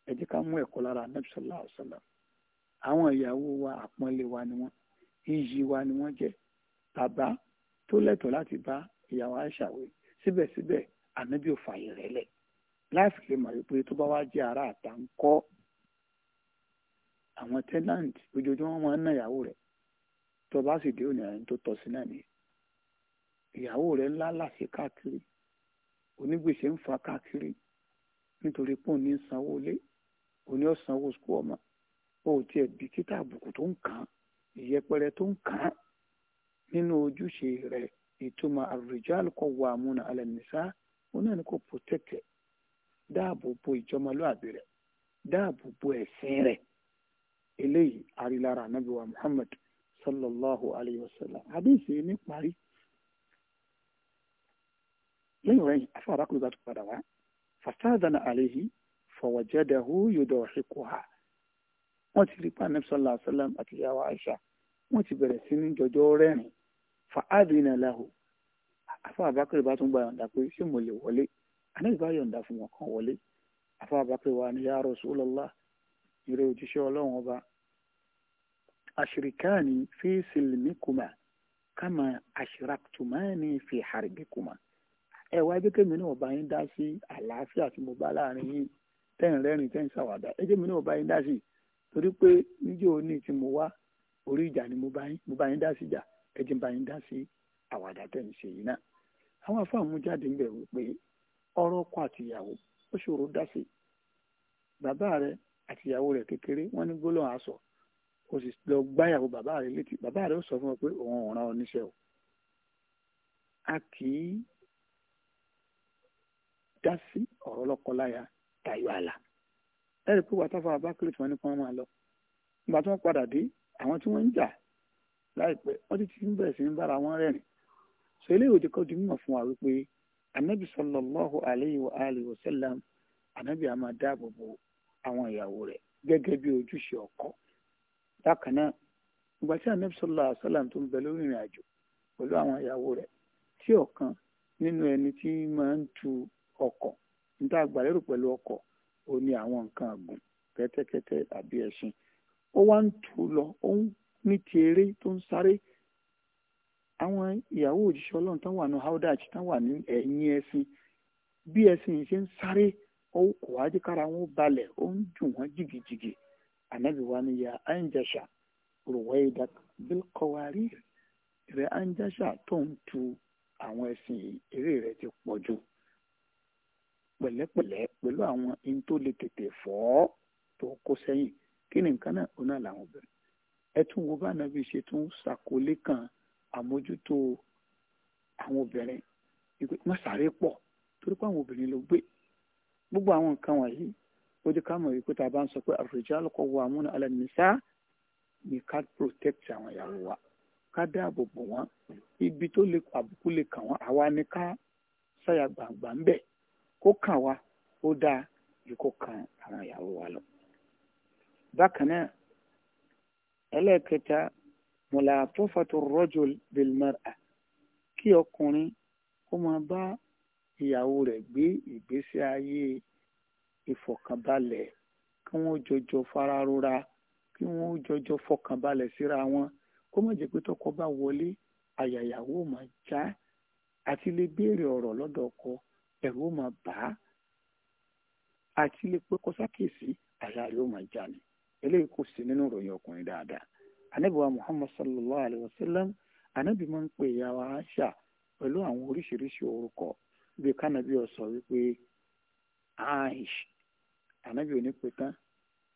ẹ jẹ́ ká mú ẹ̀kọ́ lára anabi sallallahu àwọn ìyàwó wa àpọ́nlé wa ni wọ́n iyì wa ni wọ́n jẹ́ bàbá tó lẹ́tọ̀ọ́ láti bá ìyàwó Aisha wé síbẹ̀síbẹ̀ anabi ò fààyè rẹ̀ lẹ̀ láìfi lè mọ̀ wípé tó bá wá jẹ́ aráàta ń kọ́ àwọn tenant ojoojúmọ́ máa ń ná ìyàwó rẹ̀ tó bá sì dé òní àyìn tó tọ́ sí náà nìyẹn ìyàwó rẹ̀ ńlá làṣẹ káàkiri onígbèsè ń fa káàkiri nítorí pé òní ń sanwó ilé òní ó sanwó sukú ọmọ ó tiẹ̀ bìkítà àbùkù tó ń kàn án ìyẹpẹrẹ tó ń kàn án nínú ojúṣe rẹ̀ ìtumọ̀ ar-rijal qawwamuna 'ala an-nisa òun náà ni kò protect dáàbò bo ìjọmọlúàbí rẹ̀ dáàbò bo ẹ̀sìn rẹ̀ eléyìí àrílára ànábì wa Muhammad sallallahu alayhi wa sallam àdéhùn ní parí lẹ́yìn rẹ̀ afa arákùnrin bá tún padà wá fasádàna àlehì fọwọ́jẹ́dẹ̀hu yòdọ̀ ṣekúha wọ́n ti rí pàánù sallallahu alayhi wa sallam àti yàwó Aisha wọ́n ti bẹ̀rẹ̀ sí ní jọjọ́ rẹ́rìn fa'adina lahu afa abakar bá tún gba yọ̀ǹda pé ṣé mo lè wọlé anábì bá yọ̀ǹda fún wọn kan wọlé afa abakar wa ni ya Rasulullah ìrẹ òjíṣẹ́ Ọlọ́run ọba àṣìríkàní fi sílmìkùmá kàmá àṣìràkùtùmáàní fi hàrìbìkùmá ẹ wá ẹgbẹ́ kẹ́mi náà bá yín dá sí àlàáfíà tí mo bá láàrin yín tẹ́ ń rẹ́rìn tẹ́ ń ṣàwàdà ẹgbẹ́ mi náà bá yín dá sí torí pé níjọ́ òní tí mo wá orí ìjà ni mo bá yín dá sí ìjà ẹjẹ́ bá yín dá sí àwàdà tẹ́ ṣe yìí náà àwọn afáàmù jáde ń bẹ̀ wípé ọ̀rọ̀ ọkọ àtìyàwó ó ṣòro dá sí bàbá rẹ àtìyàwó rẹ kékeré wọ́n ní gbólóhùn aṣọ o sì lọ gbáyàwó bàbá rẹ létí bàbá rẹ ó sọ fún ọ pé òun ò rán ọ níṣẹ́ o a kì í dá sí ọ̀rọ̀ lọ́kọláya tayọ àlà ẹ̀rì pé wàtáfà abákùrẹ́ tí wọ́n ní kí wọ́n máa lọ nígbà tí wọ́n padà dé àwọn tí wọ́n ń jà láìpẹ́ wọ́n ti ti ń bẹ̀rẹ̀ sí ń bára wọn rẹ́rìn so eléyìí òde kan ti mímọ̀ fún wa wípé anabi sallallahu alayhi wa alayhi wa sallam anabi a máa dáàbò bo àwọn ìyàwó rẹ̀ gẹ́gẹ́ bí ojúṣe ọkọ bákan náà ìgbà tí ànábì sọlá àṣálà tó ń bẹ lórí ìrìn àjò pẹ̀lú àwọn ìyàwó rẹ̀ tí ma nínú ẹni tí máa ń tu ọkọ̀ níta àgbàlérò pẹ̀lú ọkọ̀ ó ní àwọn nǹkan àgùn kẹ́tẹ́kẹ́tẹ́ àbí ẹṣin ó wá ń tù lọ ó ń ní ti eré tó ń sáré àwọn ìyàwó òjíṣẹ́ ọlọ́run tán wà ní haudach tán wà ní ẹ̀yìn ẹṣin bí ẹṣin yìí ṣe ń ànábì wa ni ya anjasha ruwaidak bil qawarir rẹ anjasha tó ń tu àwọn ẹ̀sìn eré rẹ ti pọ̀ jù pẹ̀lẹ́pẹ̀lẹ́ pẹ̀lú àwọn in tó lè tètè fọ́ tó kó sẹ́yìn kí ni nǹkan náà ó náà làwọn obìnrin ẹ tún wo bá nàbí ṣe tún ṣàkólé kan àmójútó àwọn obìnrin wọn sáré pọ̀ torí pé àwọn obìnrin ló gbé gbogbo àwọn nǹkan wọ̀nyí ó jẹ́ ká mọ̀ wípé tá a bá ń sọ pé ar-rijal qawwamuna 'ala an-nisa ni ká protect àwọn ìyàwó wa ká dáàbò bò wọ́n ibi tó lè àbùkù lè kàn wọ́n àwa ni ká sáyà gbàǹgbà ń bẹ̀ kó kàn wá ó dáa ju kan àwọn ìyàwó wa lọ. bákan náà ẹlẹ́ẹ̀kẹta mulāṭafatu ar-rajul bil kí ọkùnrin kó máa bá ìyàwó rẹ̀ gbé ìgbésí ayé ìfọ̀kànbalẹ̀ kí wọ́n jọjọ fararora kí wọ́n jọjọ fọkànbalẹ̀ síra wọn kó má jẹ́ pé tọkọ bá wọlé àyàyàwó máa já àti lè béèrè ọ̀rọ̀ lọ́dọ̀ ọkọ ẹ̀rù ó máa bà á àti lè pé kó àyà yóò máa já ni eléyìí kò sí nínú ìròyìn ọkùnrin dáadáa anábìwá muhammad sallallahu alayhi wa sallam anábì máa ń pè ìyá wa aṣa pẹ̀lú àwọn oríṣiríṣi orúkọ bí kánábì ó wípé aish ànábì ò ní pe tán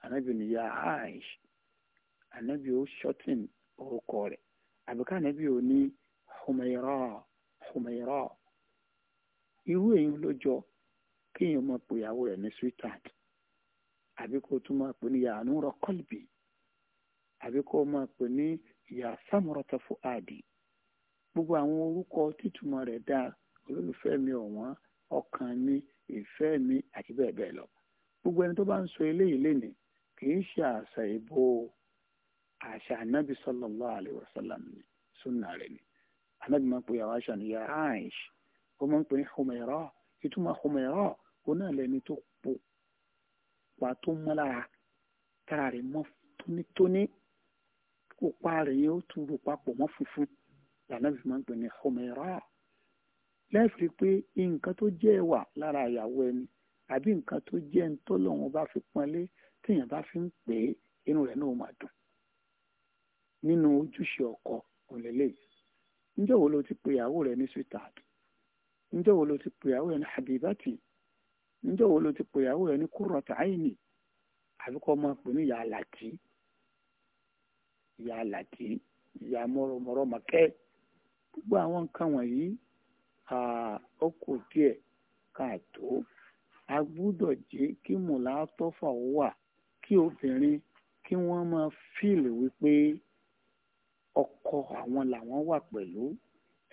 ànábì ò ní ya aish ànábì ò ṣọtìn orúkọ rẹ̀ àbíká ànábì ò ní humaira humaira irú èyí ló jọ kéèyàn máa pè ìyàwó rẹ̀ ní sweetheart àbí kó tún máa pè ní ya anura qalbi àbí kó máa pè ní ya samurata fuadi gbogbo àwọn orúkọ títúmọ̀ rẹ̀ dáa olólùfẹ́ mi ọ̀wọ́n ọkàn mi ìfẹ́ mi àti bẹ́ẹ̀ bẹ́ẹ̀ lọ gbogbo ẹni tó bá ń sọ eléyìí lénìí kì í ṣe àṣà ìbò àṣà anábì sallallahu alaihi wasallam ni súnà rẹ̀ ni anábì máa ń pè àwọn àṣà níyà aish ó máa ń pè ní humaira ìtumọ̀ humaira ó náà lẹni tó pupa tó mọ́ lára tára rẹ̀ mọ́ tónítóní pupa rẹ̀ yóò túrò papọ̀ mọ́ funfun lànàbì máa ń pè ní humaira lẹ́ẹ̀fì pé nǹkan tó jẹ́ ẹ̀wà lára ìyàwó ẹni àbí nǹkan tó jẹ́ ń tó lòun bá fi pọ́nlé téèyàn bá fi ń pè é inú rẹ̀ náà máa dùn nínú ojúṣe ọkọ òlélẹ̀ yìí wo ló ti pe ìyàwó rẹ̀ ní sweetheart níjọ́ wo ló ti pe ìyàwó rẹ̀ ní habibati níjọ́ wo ló ti pe ìyàwó rẹ̀ ní kúrọ̀tà àìní àbí kọ́ máa pè ní ìyá àlàjì ìyá àlàjì ìyá mọ́rọ̀mọ́rọ̀ màkẹ́ gbogbo àwọn nǹkan wọ̀nyí ó díẹ̀ káàtó a gbúdọ̀ jẹ́ kí mùlátọ́fà wà kí obìnrin kí wọ́n máa fíìlì wípé ọkọ àwọn làwọn wà pẹ̀lú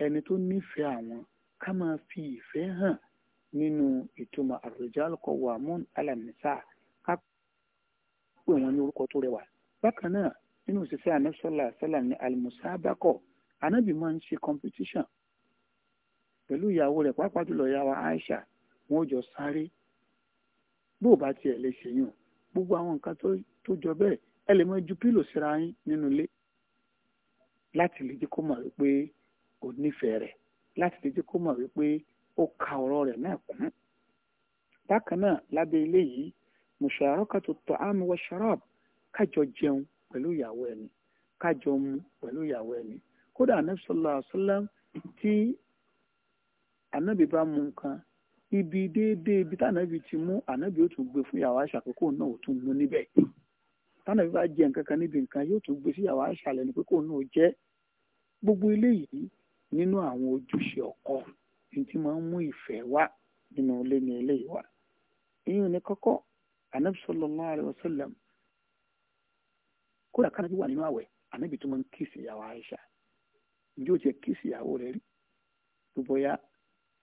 ẹni tó nífẹ̀ẹ́ àwọn ká máa fi ìfẹ́ hàn nínú ìtumọ̀ ar-rijal qawwamun 'ala an ká pè wọ́n ní orúkọ tó rẹwà. bákan náà nínú òṣìṣẹ́ anásọ́là sọ́là ní al-musabaqah anábì máa ń ṣe competition pẹ̀lú ìyàwó rẹ̀ pàápàá jùlọ ìyàwó Aisha wọn ò jọ sáré bó o bá tiẹ̀ lè ṣèyàn gbogbo àwọn nǹkan tó jọ bẹ́ẹ̀ ẹ lè mọ ju pílò síra yín nínú ilé láti lè jẹ́ kó mọ̀ wípé o nífẹ̀ẹ́ rẹ̀ láti lè jẹ́ kó mọ̀ wípé ó ka ọ̀rọ̀ rẹ̀ náà kún. bákan náà lábẹ́ ilé yìí musharakatu ta'am wa sharab kájọ jẹun pẹ̀lú ìyàwó ẹni kájọ mu pẹ̀lú ìyàwó ẹni kódà anabi sallallahu alaihi wasallam tí anabi bá mu nǹkan ibi déédéé ibi tànàbí ti mú ànábì ó tún gbé fún ìyàwó àṣà àkókò náà ó tún mú níbẹ̀ tànàbí bá jẹ nǹkan kan níbi nǹkan yóò tún gbé sí ìyàwó àṣà lẹ́nu pé kò náà jẹ́ gbogbo eléyìí nínú àwọn ojúṣe ọkọ ní ti máa ń mú ìfẹ́ wá nínú ilé ní eléyìí wá èyí ni kọ́kọ́ ànábì sallallahu alaihi wasallam kódà kánàbí wà nínú àwẹ̀ ànábì tó máa ń kíìsì ya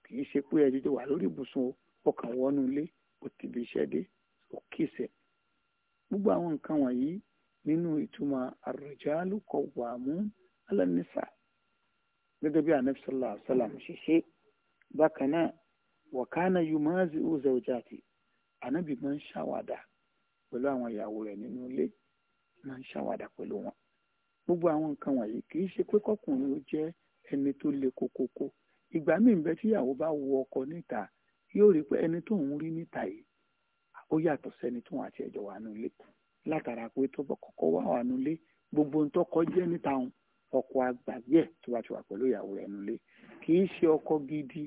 kì í ṣe pé ẹjọ́ wà lórí ibùsùn ọkàn wọnú ilé kò tìbí iṣẹ́ dé kò kíṣẹ́ gbogbo àwọn nǹkan wọ̀nyí nínú ìtumọ̀ ar-rijalu qawwamun 'ala an-nisa' gẹ́gẹ́ bí anabi sallallahu alayhi wa sallam ṣe ṣe bákan náà wa kana yumazi'u zawjati anabi máa ń ṣàwàdà pẹ̀lú àwọn ìyàwó rẹ̀ nínú ilé máa ń ṣàwàdà pẹ̀lú wọn gbogbo àwọn nǹkan wọ̀nyí kì í ṣe pé kọkùnrin ó jẹ́ ẹni tó le kókókó ìgbà míì ń bẹ tíyàwó bá wo ọkọ níta yóò rí pé ẹni tó ń rí níta yìí ó yàtọ̀ sẹ́ni tóun àti ẹ̀jọ̀ wà nù ilé látara pé tó bá kọ́kọ́ wà wà nù ilé gbogbo ń tọkọ jẹ́ níta òun ọkọ àgbàgbẹ́ tó bá ti wà pẹ̀lú ìyàwó rẹ̀ nù ilé kì í ṣe ọkọ gidi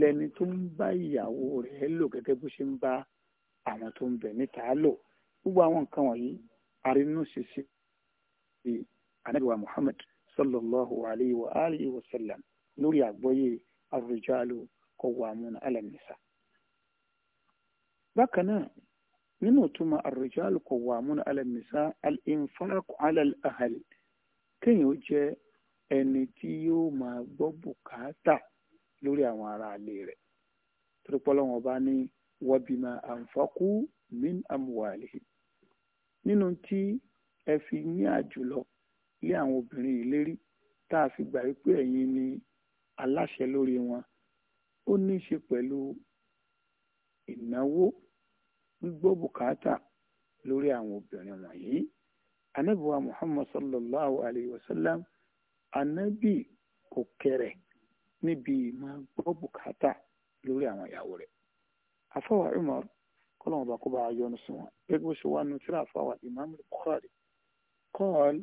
lẹni tó ń bá ìyàwó rẹ̀ lò gẹ́gẹ́ bó ṣe ń bá àwọn tó ń bẹ níta lò gbogbo àwọn nǹkan wọ̀nyí arínú ṣiṣẹ́ bíi anabiwa Muhammad sallallahu alayhi wa alihi wa sallam lórí àgbọ́yé ar-rijalu qawwamuna 'ala an-nisa. bákan náà nínú ìtumọ̀ ar-rijalu qawwamuna 'ala an-nisa al-infaqu 'ala al-ahl kéèyàn ó jẹ́ ẹni tí yóò máa gbọ́ bùkátà lórí àwọn ará ilé rẹ̀ torí pé Ọlọ́hun Ọba ní wa bima anfaqu min amwalihim nínú tí ẹ fi ní àjùlọ lé àwọn obìnrin ìlérí tá a fi gbà wípé ẹ̀yin ni aláṣẹ lórí wọn ó ní í ṣe pẹ̀lú ìnáwó gbígbọ́ bùkátà lórí àwọn obìnrin wọ̀nyí anábìwá muhammad sallallahu alayhi wa sallam anábì kò kéré níbi máa gbọ́ bùkátà lórí àwọn ìyàwó rẹ̀ afọwà umar kọlọmọ bá kó bá a yọnu sí wọn gẹ́gẹ́ bó ṣe wà nù tíra afọwà imam bukhari kọl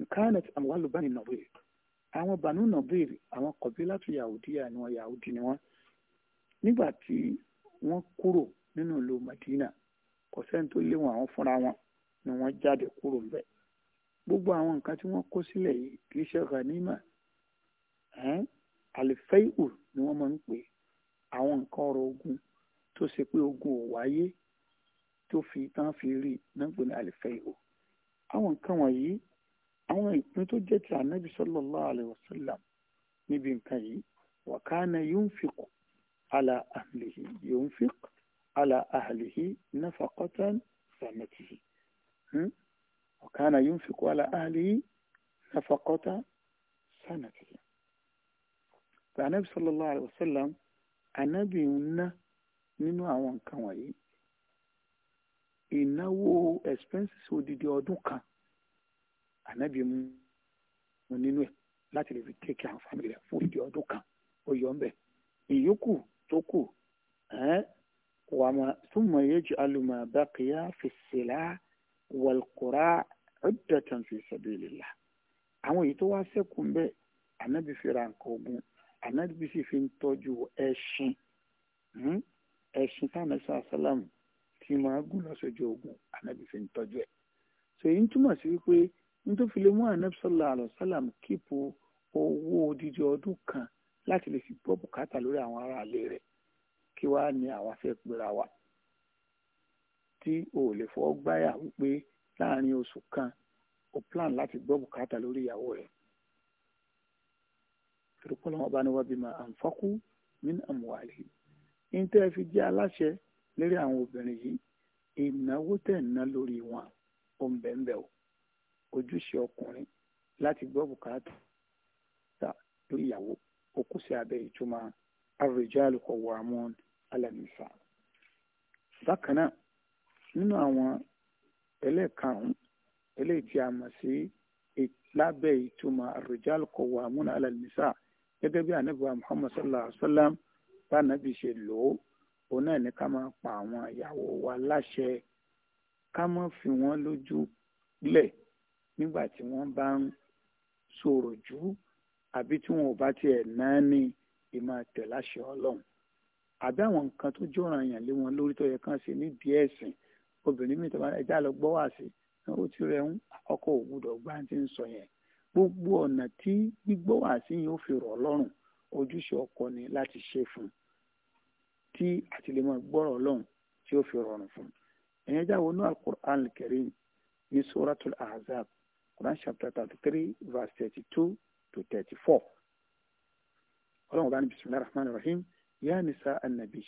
nkanat amwalu bani nawir àwọn bànú nàbír àwọn kọ̀bílátù yahudiya ni wọn yahudi ni wọn nígbà tí wọ́n kúrò nínú ìlú Madina kò sẹ́ni tó lé wọn àwọn fúnra wọn ni wọ́n jáde kúrò ń bẹ̀ gbogbo àwọn nǹkan tí wọ́n kó sílẹ̀ yìí kì í ṣe ghanima alifẹ́ìhù ni wọ́n máa ń pè àwọn nǹkan ọ̀rọ̀ ogun tó ṣe pé ogun ò wáyé tó fi tán fi rí náà pè ní alifẹ́ìhù àwọn nǹkan wọ̀nyí àwọn ìpín tó jẹ́ ti ànábì sallallahu alaihi wasallam níbi nǹkan yìí wa kana yunfiq ala ahlihi yunfiq ala ahlihi nafaqatan sanatihi hmm? wa kana yunfiq ala ahlihi nafaqatan sanatihi. ànábì sallallahu alaihi wasallam ànábì ń ná nínú àwọn nǹkan wọ̀nyí ìnáwó expenses odidi ọdún kan ànábì mu nínú ẹ̀ láti lè fi tẹ́kì àwọn fámìlì rẹ̀ fún ìdí ọdún kan ó yọ ọ́ bẹ̀ ìyókù tó kù wà má súnmọ́ yéjì alùmọ̀ bákìyà fèsìlá wàlùkùrá ọ̀dọ̀tàn fi sabilillah àwọn èyí tó wá sẹ́kù bẹ́ẹ̀ ànábì fi ra nǹkan ogun ànábì sì fi ń tọ́jú ẹṣin hm, ẹṣin táwọn ẹṣin asálàmù tí máa gùn lọ́sọ̀jọ́ ogun ànábì fi ń tọ́jú ẹ̀ so èyí ń túmọ̀ sí wípé nítorí filimu lè mú ànábì sallallahu alaihi wasallam kíìpù owó odidi ọdún kan láti lè fi gbọ́ bùkátà lórí àwọn ará ilé rẹ̀ kí wàá ní àwa fẹ́ gbéra wa tí o ò lè fọwọ́ gbáyà wípé láàrin oṣù kan o plan láti gbọ́ bùkátà lórí ìyàwó rẹ̀ tòrúkọ́lọ́ wọn bá ní wọ́n bímọ àǹfọ́kú min amwalihim níta fi jẹ́ aláṣẹ lérí àwọn obìnrin yìí ìnáwó tẹ̀ ń ná lórí wọn ò ń bẹ́ẹ̀ bẹ́ẹ̀ o ojúṣe ọkùnrin láti gbọ́ bùkátà lórí ìyàwó ó kù sí abẹ́ ìtumọ̀ ar-rijalu qawwamun 'ala an-nisa. bákan náà nínú àwọn ẹlẹ́ẹ̀karùn-ún eléyìí tí a mọ̀ sí lábẹ́ ìtumọ̀ ar-rijalu qawwamun 'ala an-nisa gẹ́gẹ́ bí anábìwá muhammad sallallahu alayhi wa sallam bá nàbì ṣe lò ó òun náà ní ká máa pa àwọn ìyàwó wa láṣẹ ká má fi wọ́n lójú lẹ̀ nígbà tí wọ́n bá ń sọ̀rọ̀ jù àbí tí wọn ò bá tiẹ̀ náà ní ìmọ̀ tẹ̀láṣẹ ọlọ́run àbí àwọn nǹkan tó jọ̀ràn yàn lé wọn lórí tó yẹ kán ṣe nídìí ẹ̀sìn obìnrin mi tọ́ba ẹja lọ gbọ́ wá sí ó ti rẹ̀ ń ọkọ̀ ògbúdọ̀ gbá ti ń sọ yẹn gbogbo ọ̀nà tí gbígbọ́ wá sí yìí fi rọ̀ lọ́rùn ojúṣe ọkọ ni láti ṣe fún tí àtìlẹ́mọ̀ gbọ́rọ̀ ọlọ́run tí ó fi rọrùn fún ẹ̀yẹ́jà wọnú al-Qur'an ní suratul Ahzab Quran chapter thirty three verse thirty two to thirty four ọlọ́run bá ní bisimilahi rahman rahim yá nisa anabi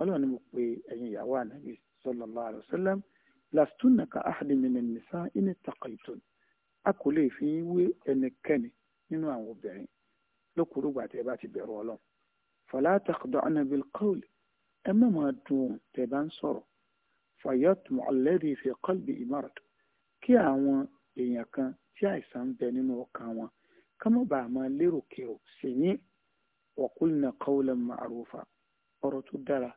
ọlọ́run ni mo pe ẹ̀yin ìyàwó anabi sallallahu alayhi wa sallam lastunna ka ahadi min nisa ini taqaitun a kò lè fi wé ẹnikẹ́ni nínú àwọn obìnrin lókùrúgbà tẹ́ bá ti bẹ̀rù ọlọ́run fala taqda'na bil qawl ẹ má máa dùn tẹ́ bá ń sọ̀rọ̀ fayatma alladhi fi qalbi imarad kí àwọn èèyàn kan tí àìsàn ń bẹ nínú ọkàn wọn ká má bàa máa lérò kérò sí ní wa qulna qawlan ma'rufa ọ̀rọ̀ tó dára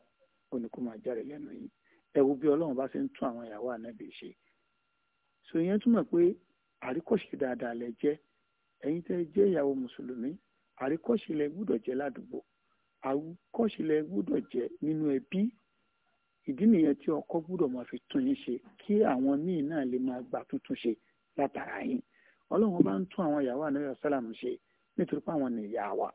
ó ní kó máa jáde lẹ́nu yìí ẹ wo bí ọlọ́run bá ṣe ń tún àwọn ìyàwó ànábì ṣe so ìyẹn túmọ̀ pé àríkọ́ṣe dáadáa lẹ jẹ́ ẹ̀yin tẹ́ jẹ́ ìyàwó mùsùlùmí àríkọ́ṣe lẹ gbúdọ̀ jẹ́ ládùúgbò àríkọ́ṣe lẹ gbúdọ̀ jẹ́ nínú ẹbí ìdí nìyẹn tí ọkọ gbúdọ̀ máa fi tún yín ṣe kí àwọn míì náà lè máa gbà tuntun ṣe látara yín ọlọ́run bá ń tún àwọn ìyàwó ànábì sálàmù ṣe nítorí pé àwọn nìyà wa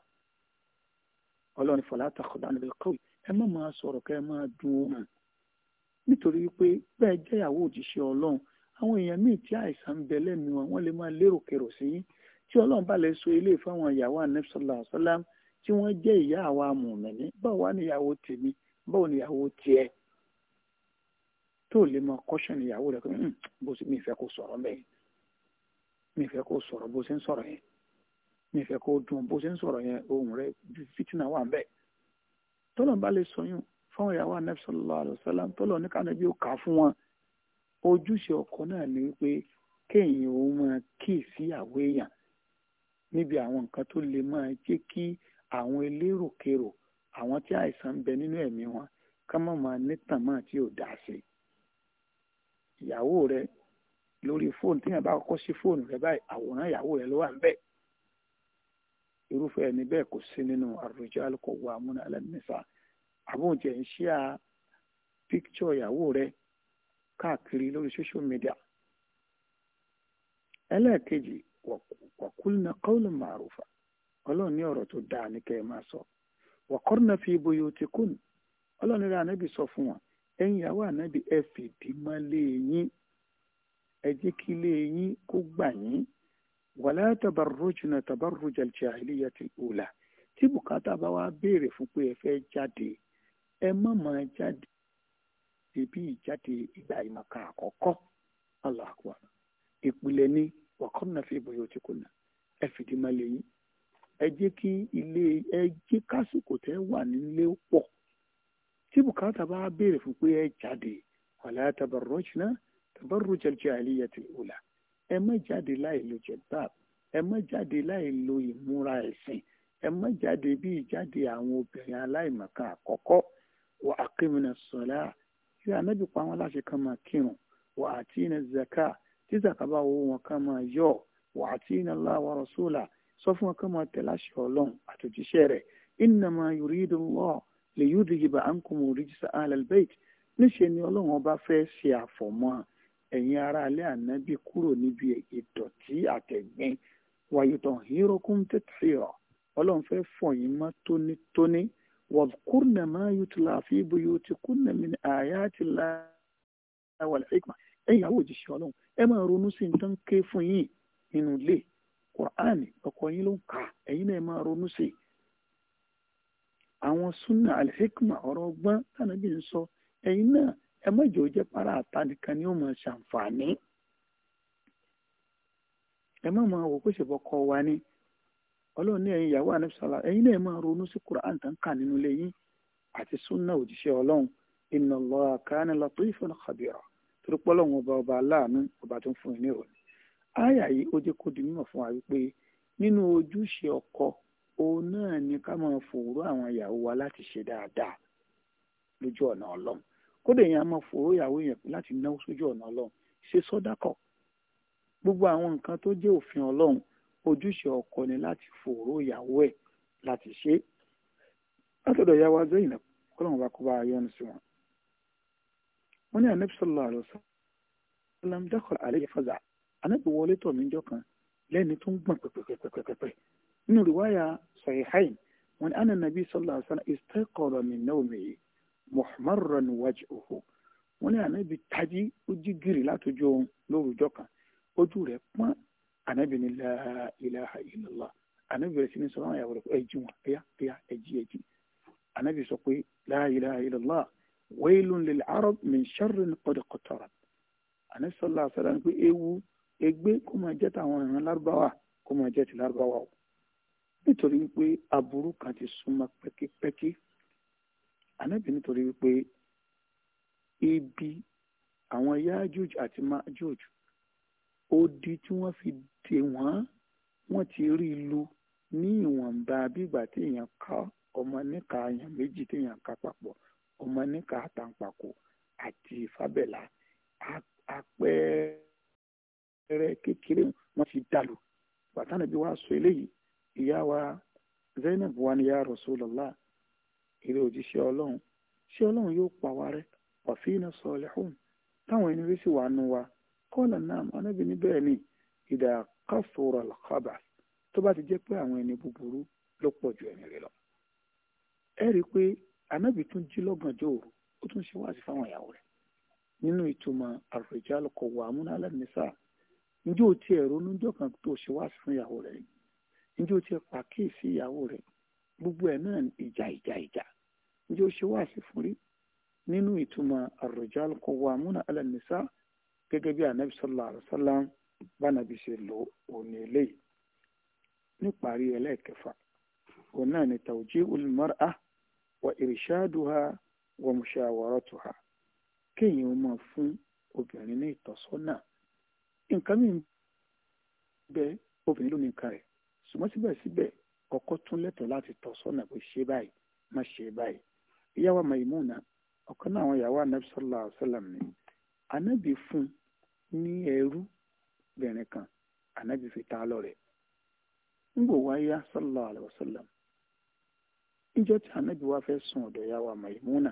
ọlọ́run fọlá takọ̀dá níbi kọ́wé ẹ má máa sọ̀rọ̀ kẹ́ ẹ máa dùn ohun nítorí pé bẹ́ẹ̀ jẹ́ ìyàwó òjíṣẹ́ ọlọ́run àwọn èèyàn míì tí àìsàn ń bẹ lẹ́nu wọn wọ́n lè máa lérò kérò sí tí ọlọ́run bá lè so ilé fáwọn ìyàwó ànábì sálàmù tí wọ́n jẹ́ ìyá àwa mùmẹ́ni báwo wá níyàwó tèmi báwo níyàwó tiẹ̀ tó lè máa kọ́ṣọ́ níyàwó rẹ̀ pé hmm, bó ti mi ìfẹ́ kó sọ̀rọ̀ mẹ́yìn mi fẹ́ kó sọ̀rọ̀ bó ṣe ń sọ̀rọ̀ yẹn mi fẹ́ kó dùn bó ṣe ń sọ̀rọ̀ yẹn ohun rẹ̀ fitina wà bẹ́ẹ̀ tọ́lọ̀ bá lè sọyún fáwọn ìyàwó anabi sallallahu alaihi wasallam bí ó kà á fún wọn ojúṣe ọkọ náà ni wípé kéèyàn ó máa kí ìsíyàwó èèyàn níbi àwọn nǹkan tó lè máa jẹ́ kí àwọn eléròkèrò àwọn tí àìsàn ń bẹ nínú ẹ̀mí wọn ká má máa nítàn máa tí ò dá sí ìyàwó rẹ̀ lórí fóònù téèyàn bá kọ́kọ́ sí fóònù rẹ báyìí àwòrán ìyàwó rẹ ló wà níbẹ̀ irúfẹ́ ẹni bẹ́ẹ̀ kò sí nínú ar-rijal qawwamuna 'ala an-nisa àbóǹjẹ̀ ń ṣíà píkítsọ̀ ìyàwó rẹ káàkiri lórí social media ẹlẹ́ẹ̀kejì wàkúlùnà qawlan ma'rufa ọlọ́run ní ọ̀rọ̀ tó dáa ní kẹ́ ẹ máa sọ waqarna fi buyutikunna ọlọ́run rẹ̀ ànábì sọ fún wọn ẹ̀yin ìyàwó ànábì ẹ fìdí mọ́lé yín ẹ jẹ́ kí ilé yín kó gbà yín wàlá tabarrujna tabarruj al-jahiliyyati al-ula tí bùkátà bá wá béèrè fún pé ẹ fẹ́ jáde ẹ má máa jáde bí ìjáde ìgbà ìmọ̀ká àkọ́kọ́ Allahu akbar ìpìlẹ̀ ní wa qurna fi buyutikunna ẹ fìdí máa lè yín ẹ jẹ́ kí ilé ẹ jẹ́ kásìkò tẹ́ wà nílé pọ̀ tí bùkátà bá béèrè fún pé ẹ jáde wàlá tabarrujna tabarruj al-jahiliyyah al-ula ẹ má jáde láì lo jilbab ẹ má jáde láì lo ìmúra ẹ̀sìn ẹ má jáde bí ìjáde àwọn obìnrin aláìmọ̀kan àkọ́kọ́ wa aqimna as-salah tí anábì pa wọn láṣẹ kan máa kírun wa atina az-zaka tí zaka bá wo wọn kan máa yọ wa atina Allah wa rasula sọ fún wọn kan máa tẹ̀ láṣẹ ọlọ́run àtòjíṣẹ́ rẹ̀ innama yuridu Allah li yudhiba ankum rijsa ahlal bayt níṣẹ́ ni ọlọ́run ọba fẹ́ ṣe àfọ̀mọ́ ẹ̀yin ará ilé ànábì kúrò níbi ìdọ̀tí àtẹ̀gbin wàyùtàn hírókùn tẹ̀tẹ̀rọ̀ ọlọ́run fẹ́ fọ̀ yín mọ́ tónítóní wàkúrnà máa yutula fi buyuti kúrnà min ayati Allah wal hikma ẹ̀yin àwọn òjíṣẹ́ ọlọ́run ẹ máa ronú sí ní tán ké fún yín nínú ilé kùránì ọkọ yín ló ń kà ẹ̀yin náà ẹ máa ronú sí àwọn súnà al hikma ọ̀rọ̀ ọgbọ́n tànàbí ń sọ ẹ̀yin náà ẹ má jẹ́ ó jẹ́ para àta nìkan ni ó máa ṣàǹfààní ẹ má máa wò kó ṣe fọkọ wa ni ọlọ́run ní ẹ̀yin ìyàwó àníṣàlá ẹ̀yin náà máa ronú sí Qur'an tó ń kà nínú ilé yín àti sunna òjíṣẹ́ ọlọ́run inna Allaha kana latifan khabira torí pọ́lọ́run ọba ọba aláàánú ọba tó ń fún yín ní ìròyìn àyà yìí ó jẹ́ kó di mímọ̀ fún wa wípé nínú ojúṣe ọkọ òun náà ni ká máa fòwúrọ̀ àwọn ìyàwó wa láti ṣe dáadáa lójú ọ̀nà ọlọ́run kódà èèyàn máa fòró ìyàwó yẹn láti náwó sójú ọ̀nà ọlọ́run ṣe sọ́dákọ̀ gbogbo àwọn nǹkan tó jẹ́ òfin ọlọ́run ojúṣe ọkọ ni láti fòró ìyàwó ẹ̀ láti ṣe látọ̀dọ̀ ya wa zẹ́yìn kọ́lọ́run bá kó bá a yọnu sí wọn. wọ́n ní anabi àlẹ́ anabi wọlé tọ̀ mí jọ kan lẹ́ni tó ń gbọ̀n pẹ̀pẹ̀pẹ̀pẹ̀pẹ̀ nínú wọ́n ní muhammadan wajhuhu wọ́n ní ànábì tají ó jí gìrì látọjú ohun lórúkọ kan ojú rẹ̀ pọ́n ànábì ní la ilaha illallah ànábì rẹ̀ sì ní sọ wọn àyàwó rẹ̀ ẹjí wọn ẹyà ẹyà ẹjí ẹjí ànábì sọ pé la ilaha illallah waylun lil arab min sharrin qad qatarat ànábì sallallahu alaihi wasallam pé ewu ègbé kó máa jẹ́ tàwọn ìran lárúbáwá kó máa jẹ́ ti lárúbáwá o nítorí wípé aburú kan ti súnmọ́ pẹ́kípẹ́kí ànábì nítorí wípé ibi àwọn yájúj àti májúj odi tí wọ́n fi dè wọ́n wọ́n ti rí i lu ní ìwọ̀nba bí ìgbà tí èèyàn ká ọmọ níka èèyàn méjì tí èèyàn ká papọ̀ ọmọ níka àtàǹpàkò àti fábẹ́là àpẹẹrẹ kékeré wọ́n ti dàlù bàtà nàbí wàá sọ eléyìí ìyá wa Zainab wa ni ya Rasulullah eré òjíṣẹ́ ọlọ́run ṣé ọlọ́run yóò pa wa rẹ́ ọ̀fíìnà sọ̀lẹ́hùn táwọn ẹni rí sì wà nù wa kọ́ọ̀lá náà anábì ní bẹ́ẹ̀ ni ìdá kásòrò làkàbà tó bá ti jẹ́ pé àwọn ẹni búburú ló pọ̀ ju ẹni rẹ lọ. ẹ rí i pé anábì tún jí lọ́gànjọ́ òru ó tún ṣe wáàsí fáwọn ìyàwó rẹ̀ nínú ìtumọ̀ ar-rijal qawwamun 'ala an-nisa njẹ́ o tiẹ̀ ronú jọ̀kan tó ṣe wáàsí fún ìyàwó rẹ̀ njẹ́ tiẹ̀ pàkíyèsí ìyàwó rẹ̀ gbogbo ẹ̀ náà ìjà ìjà ìjà ǹjẹ́ ó ṣe wá sí fún rí nínú ìtumọ̀ ar-rijal qawwamuna 'ala an-nisa gẹ́gẹ́ bí anabi sallallahu alaihi wasallam bánabi ṣe lò òní eléyìí níparí ẹlẹ́ẹ̀kẹfà òun náà ni tawji'ul mar'a wa irshaduha wa mushawaratuha kéèyàn ó máa fún obìnrin ní ìtọ́sọ́nà nǹkan mìíràn bẹ obìnrin ló ní nǹkan rẹ̀ ṣùgbọ́n síbẹ̀síbẹ̀ kọ́kọ́ tún lẹ́tọ̀ọ́ láti tọ́ sọ́nà pé ṣe báyìí má ṣe báyìí ìyàwó Maimuna ọ̀kan náà àwọn ìyàwó anabi sallallahu alayhi wa sallam ni anabi fún ní ẹrú bìnrin kan anabi fi ta lọ́rẹ ngbò wáyá sallallahu alayhi wa sallam níjọ́ tí anabi wá fẹ́ sùn ọ̀dọ̀ ìyàwó Maimuna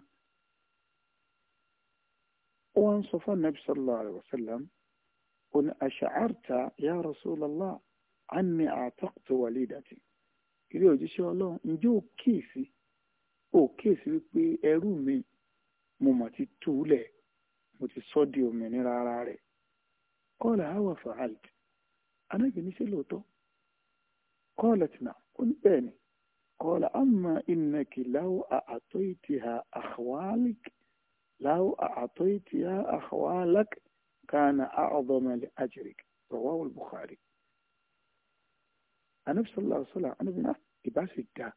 ó ń sọ fún anabi sallallahu alayhi wa sallam ó ní asha'arta ya rasulallah anni a'taqtu kiri òjíṣẹ́ ọlọ́run ǹjẹ́ ò kíyèsí ò kíyèsí wípé ẹrú mi mo mà ti tú u lẹ̀ mo ti sọ́ di òmìnira ara rẹ̀ kọ́ọ̀lù àwọn fàáìd anábì ní ṣe lóòótọ́ kọ́ọ̀lù tìǹà ó ní bẹ́ẹ̀ ni kọ́ọ̀lù àmà ìnàkì láwọ àtọ́ ìtìhà àhwálík láwọ àtọ́ ìtìhà àhwálák kánà àọ̀dọ́mọlẹ̀ àjẹrìk rọ̀wáwò Bukhari anabi sallallahu alaihi wasallam anabi náà ah, ìbá sì dá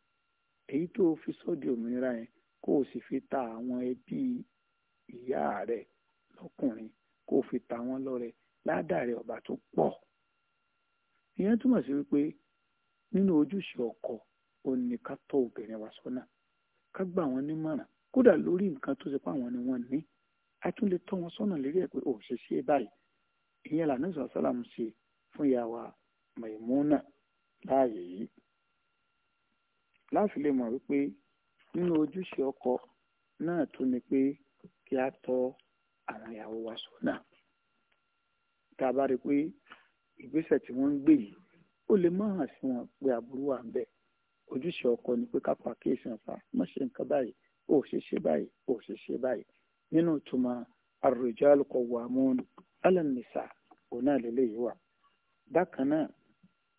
èyí tó fi sọ́ọ̀dì òmìnira yẹn kó o sì fi ta àwọn ẹbí ìyá rẹ lọ́kùnrin kó o fi ta wọn lọ́rẹ ládàrẹ ọba tó pọ̀ ìyẹn túmọ̀ sí wípé nínú ojúṣe ọkọ òun ni ká tọ́ obìnrin wa sọ́nà ká gbà wọn nímọ̀ràn kódà lórí nǹkan tó ṣe pé àwọn ni wọ́n ní a tún lè tọ́ wọn sọ́nà lérí ẹ̀ pé ò ṣe ṣe báyìí ìyẹn làánú sọ̀rọ̀ ṣe fún ìyá wa Maimuna láàyè yìí láti lè mọ̀ wípé nínú ojúṣe ọkọ náà tún ni pé kí a tọ́ àwọn ìyàwó wa sọ́nà tá a bá rí i pé ìgbésẹ̀ tí wọ́n ń gbé yìí ó lè má hàn sí wọn pé aburú wà ń bẹ̀ ojúṣe ọkọ ni pé ká pa kéèsì ọ̀fà má ṣe nǹkan báyìí ó ṣe ṣe báyìí ó ṣe ṣe báyìí nínú ìtumọ̀ ar-rijalu qawwamuna 'ala an-nisa òun náà lélẹ́yìí wà bákan náà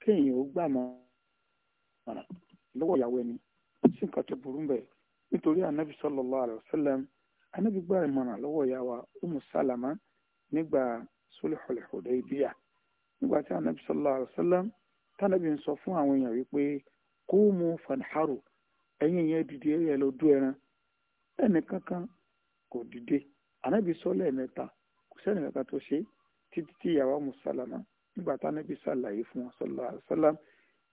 kéèyàn ó gbà mọ́ràn lọ́wọ́ ìyàwó ẹni sí nǹkan tó burú bẹ́ẹ̀ nítorí anabi anabi gbà ìmọ̀ràn lọ́wọ́ ìyàwó salama nígbà sulhul hudaybiyah nígbà tí anabi sallallahu alayhi wa sallam ń sọ fún àwọn èèyàn wípé yẹn dìde lọ dú ẹran kò dìde anabi kò tó ṣe salama nígbà tá nàbí sàlàyé fún wọn sọlá sálám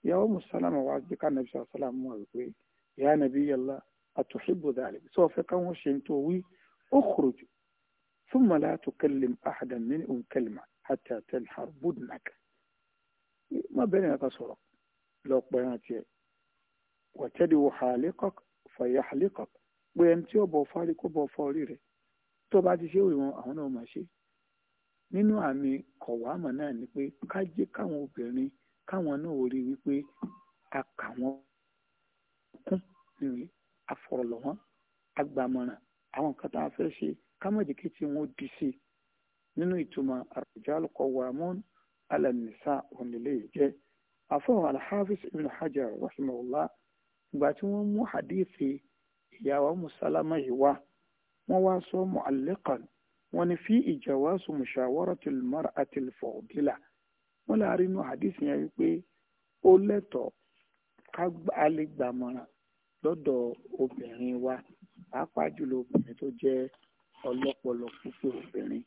ìyàwó mùsàlámà wá gbé ká nàbí sàlám wọn wípé ìyá nàbí yàlla àtúnṣebò dàlẹ sọ fẹ káwọn ṣe ń tó wí ó kúròjù fún màlá tó kẹlẹm àhàdàn ní òun kẹlẹmà àti àtẹn harbud nàkà má bẹ́ẹ̀ ni ká sọ̀rọ̀ lọ́pọ̀ ẹran tiẹ̀ wàtẹ́dì wò hàlẹ́kọ̀k fàyà hàlẹ́kọ̀k pé ẹni tí ó bọ̀ fárí kó bọ̀ fọ́ rẹ̀ tó bá ti ṣe òyìnbó nínú àmì kọ̀wámọ̀ náà ni pé ká jẹ́ káwọn obìnrin káwọn náà ò rí wípé a kà wọ́n kún nìyí afọ̀rọ̀lọ̀ wọn agbàmọ̀ràn àwọn nǹkan tá a fẹ́ ṣe ká má jẹ́ kí tí wọ́n di sí i nínú ìtumọ̀ ar-rijalu qawwamun 'ala an-nisaa onílé jẹ́ afọ́wọ́ al ibn Hajar rahimahullah ìgbà tí wọ́n mú hadithi ìyàwó musalama yìí wá wọ́n wá sọ mu'allaqan wọ́n ní fi ìjàwásù mushawaratil mar'atil fọ̀ọ́dílà wọ́n láàrin inú hadisi yẹn wípé ó lẹ́tọ̀ọ́ ká lè gbàmọ̀ràn lọ́dọ̀ obìnrin wa pàápàá jùlọ obìnrin tó jẹ́ ọlọ́pọlọ púpọ̀ obìnrin